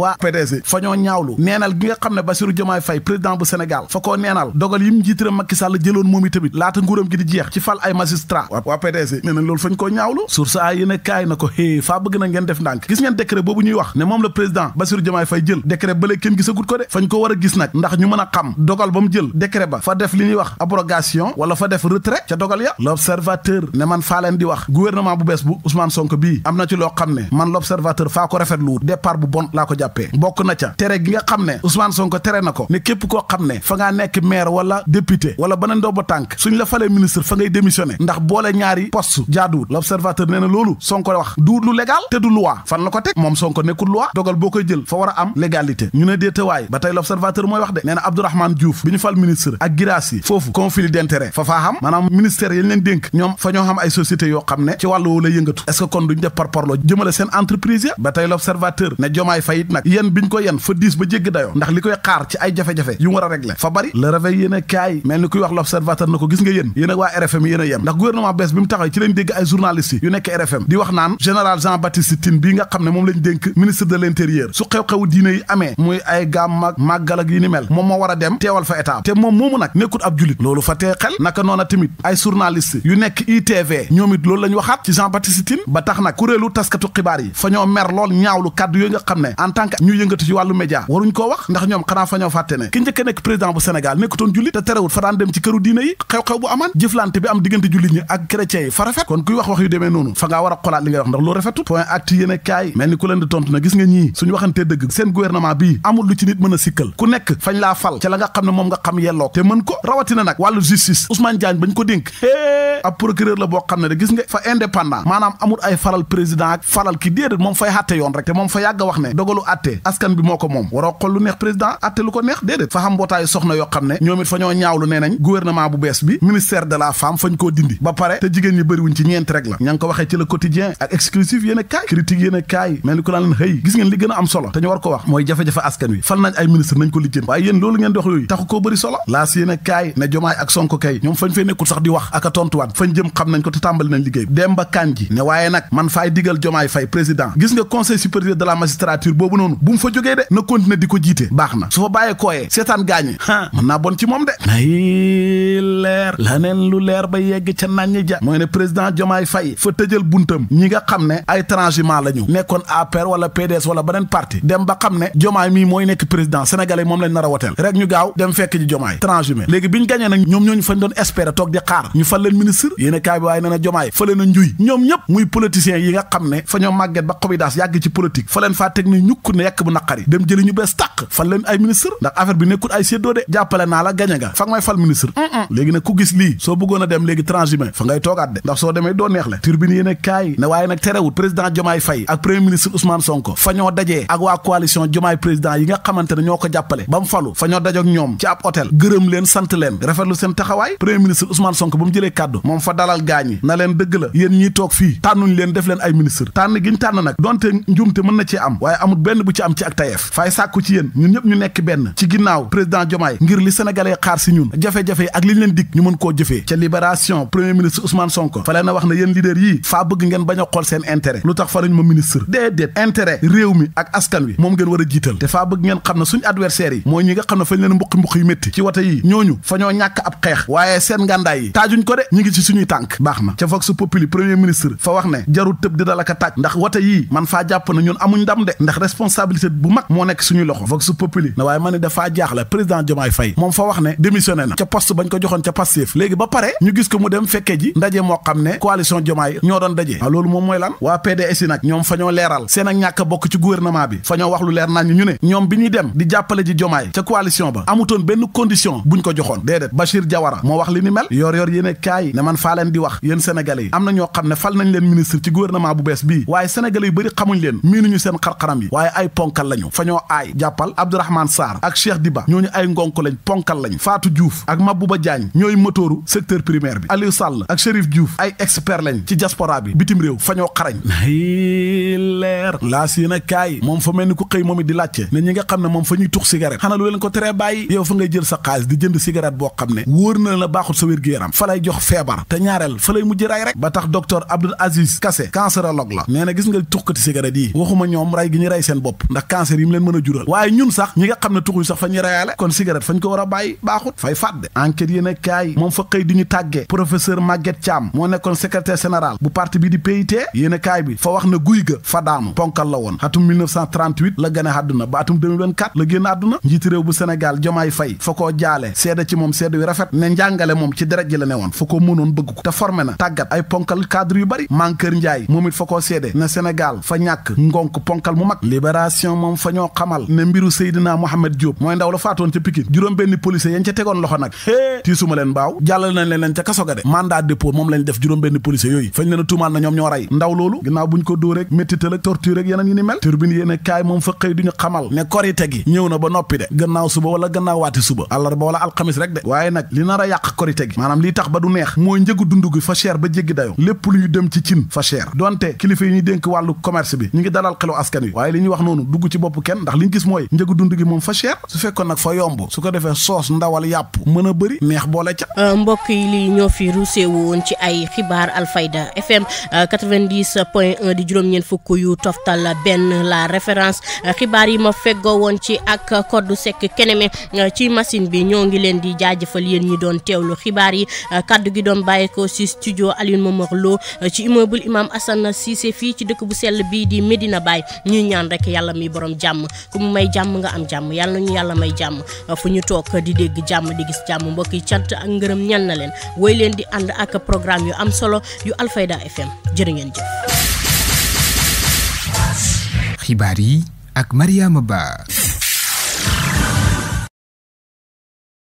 fa ñoo ñaawlu nga xam ne Bassirou Diomaye Faye président bu Sénégal fa koo neenal dogal yi mu njiitëram Macky Sall jëloon moom i tamit laata nguuram gi di jeex ci fal ay magistrat waa waa PDS nee ñaawlu source a na ko hé faa bëgg na ngeen def ndànk gis ngeen décret boobu ñuy wax ne moom la président Bassirou Diomaye Faye jël décret ba léegi kenn gisagut ko de fañ ko war a gis nag ndax ñu mën a xam dogal ba jël décret ba fa def li ñuy wax abrogation wala fa def retrait ca dogal ya l'observateur ne man faa leen di wax gouvernement bu bees bu Ousmane Sonko bii am na ci loo xam ne man l'observateur faa ko rafetlu départ bu bon laa ko jàppee bokk na ca tere gi nga xam ne Ousmane Sonko tere na ko ne képp koo xam ne fa ngaa nekk maire wala député wala beneen dooba tànk suñ falee ministre fa ngay démissionné ndax boole ñaari poste jaaduwul l'observateur nee na loolu Sonko wax du lu te du loi fan la ko teg moom Sonko nekkul loi dogal boo jël fa war am légalité ñu ne déetewaay ba tey l'observateur mooy wax de nee na Abdourahmane Diouf bi ñu fal ministre ak giraas l'observateur ne jomaay fayit nag yen biñ ko yen fa diis ba jégg dayoo ndax li koy xaar ci ay jafe-jafe yu mu war a régler fa bari le réveil a kaay mel ni kuy wax l'observateur na ko gis nga yéen yéen waa RFM yéen a yem ndax gouvernement bees bi mu taxaw ci lañ dégg ay journalistes yu nekk RFM di wax naan général Jean Baptiste Tine nga xam ne moom lañ dénk ministre de l'intérieur su xew-xewu diine yi amee muy ay gàmm ak màggal yi ni mel moom moo war a dem teewal fa état du yooyu nga xam ne en tant que ñu yëngatu ci wàllu média waruñ koo wax ndax ñoom xanaa fa ñoo ne ki njëkk nekk président bu Sénégal nekkutoon jullit te terewut fa daan dem ci këru diine yi xew-xew bu amaan jëflante bi am diggante jullit ñi ak chrétien yi fa rafet kon kuy wax wax yu demee noonu fa ngaa war a xolaat li ngay wax ndax loolu rafetut point acte yéene kaay mel ni ku leen di tontu na gis nga ñii suñu waxantee dëgg seen gouvernement bii amul lu ci nit mën a sikkal dafa yàgg wax ne dogalu àtte askan bi moo ko moom waroo xol neex président àtte ko neex déedéet fa xam mbootaayu soxna yoo xam ne ñoom it fa ñoo ñaawlu nee nañ gouvernement bu bees bi ministère de la femme fañ koo dindi ba pare te jigéen ñi bëriwuñ ci ñeent rek la ña ko waxee ci le quotidien ak exclusif yéen kaay critique yéen kaay mel ni ko wax waaye yéen loolu ngeen di wax taxu koo bëri solo laas yéen kaay ne jomaay ak sonko kay ñoom fañ fee nekkul la magistrature boobu noonu bu mu fa neen ba yegg ca naññi ja mooy ne président Diomaye Faye fa la ñu nekkoon APR wala PDS wala beneen parti dem ba xam ne Diomaye mii mooy nekk président sénégalais moom lañ nar a woteel rek ñu gaaw dem fekk ji Diomaye transhumé léegi bi ñu nag ñoom ñooñu fañ doon espérer toog di xaar ñu fal leen ministre yéen bi waaye nee na Diomaye fële na ñoom ñëpp muy politiciens yi nga xam ne fa ñoo màgget ba xobi yàgg ci politique fa leen faa teg ni ñu bees tàq fal leen ay ministre ndax affaire bi nekkul ay séddoo de jàppale naa la gañe nga fa may fal ministre léegi nag ku gis lii soo bëggoon a dem léegi transhumé fa ngay toogaat de ndax soo demee doo neex le turbine yéen a kaay ne waaye nag terewul président Jomaay Faye ak premier ministre Ousmane Sonko fa ñoo dajee ak waa coalition Jomaay yi nga xamante ne ñoo ko jàppale ba mu falu fa ñoo dajog ñoom ci ab hôtel gërëm sant leen rafetlu seen taxawaay premier ministre Ousmane Sonko ci am waaye amul benn bu ci am ci ak tayeef fay sàkku ci yéen ñun ñëpp ñu nekk benn ci ginnaaw président Diomaye ngir li sénégalais xaar si ñun jafe-jafe yi ak li leen dig ñu mën koo jëfee ca libération premier ministre Ousmane Sonko fa leen na wax ne yéen leaders yii faa bëgg ngeen bañ xool seen intérêt lu tax faruñ ma ministre déedéet intérêt réew mi ak askan wi moom ngeen war a jiital te faa bëgg ngeen xam ne suñ adversaires yi mooy ñi nga xam waaye seen ngàndaay ñu ngi ci suñuy tànk baax na ca vox populi premier ministre fa wax ne amaguñ ndam de ndax responsabilité bu mag moo nekk suñu loxo vox populi na waaye ma ne dafaa jaaxle président Diomaye Faye moom fa wax ne démissionné na ca poste bañ ko joxoon ca Pastef léegi ba pare ñu gis ko mu dem fekke ji ndaje moo xam ne coalition Diomaye ñoo doon daje waaw loolu moom mooy lan waa PDS yi nag ñoom fa ñoo leeral seen ñàkk a bokk ci gouvernement bi fa ñoo wax lu leer nañu ñu ne ñoom bi ñuy dem di jàppale ji Diomaye ca coalition ba amutoon benn condition buñ ko joxoon déedéet Bachir Diawara moo wax li ni mel yor yor man faa leen di wax yéen sénégalais yi am na ñoo xam ne fal nañ leen ministre ci gouvernement bu bees bii seen xarxaram yi waaye ay ponkal lañu fa ñoo aay jàppal Abdourahmane Sarr ak Cheikh Diba ñooñu ay ngonk lañ ponkal lañ faatu Diouf ak ba jaañ ñooy motóoru secteur primaire bi Aliou Sall ak Chérif Diouf ay expert lañ ci diaspora bi bitim réew fa ñoo xarañ leer laas yéen a kaay moom fa mel ni ku xëy moom it di laajte ne ñi nga xam ne moom fa ñuy tux cigarette xanaa lu leen ko teree bàyyi yow fa ngay jël sa xaalis di jënd cigarette boo xam ne wóor na la baaxul sa wér-gu-yaram fa lay jox feebar te ñaareel fa lay mujj ray rek ba tax docteur Abdoul Aziz Kassé cancérologue la nee na gis nga tuxkati cigarette yi waxuma ñoom rey gi ñu rey seen bopp ndax cancer yi mu leen mën a jural waaye ñun sax ñi nga xam ne tuxuy sax fa ñuy reyaale kon cigarette fañ ko war a bàyyi baaxut fay fàtde enquête yéen moom fa xëy di ñu tàggee professeur Maguette Thiam moo nekkoon secrétaire général bu parti bi di PIT yéen a kaay bi fa wax na guy ga fa daanu ponkal la woon atum 1938 la gane àdduna ba atum 2024 la génn àdduna njiiti réew bu Sénégal Jomaay Fay fa koo jaale seede ci rafet ne njàngale moom ci deret ji la ne woon fa koo mënoon bëgg ko te formé na tàggat ay ponkal cadre yu bari Mankeur Njaay moom it fa koo seede ne Sénégal fa ñàkk ngonk ak ponkal mu mag libération moom fa ñoo xamal ne mbiru Seydina Mohamed Diop mooy ndaw la faatoon ca Pikine juróom benn policier yañ ca tegoon loxo nag hée tiisuma leen baaw jàllal nañ leen leen ca kaso ga de mandat dépôt moom lañ def juróom benn policier yooyu fañ leen a tuumaal na ñoom ñoo rey ndaw loolu ginnaaw buñ ko dóor rek méttital ak torture ak yeneen yi ni mel turbine yéen kaay moom fa xëy duñu xamal ne korite gi ñëw na ba noppi de gannaaw nar a yàq korite gi tax ba du neex mooy njëgu dund gi fa cher ba jéggi dayo lépp lu ñu dem ci cin donte kilifa yi ñuy dénk wàllu commerce bi xelu askan wi waaye li ñuy wax noonu dugg ci bopp kenn ndax li ñu gis mooy njëgu dund gi moom fa cher su fekkoon nag fa yomb su ko defee soos ndawal yàpp mën a neex boole ca euh, mbokk euh, fukk yu toftal benn la référence euh, xibaar yi ma feggoo woon ci ak koddu sekk keneme ci machine bi ñoo ngi leen di jaajëfal yéen ñi doon teewlu xibaar yi kaddu gi doon bàyyeekoo ci studio Alioune Momar Lo ci immeuble Imam Assane Cissé fii ci dëkk bu sell bii di Medina Baye waay ñuy ñaan rek yàlla mi borom jàmm ku mu may jàmm nga am jàmm yàlla ñu yàlla may jàmm fu ñu toog di dégg jàmm di gis jàmm mbokk yi cant ak ngërëm ñal na leen woy leen di ànd ak programme yu am solo yu Alfayda FM jërë ngeen jëf.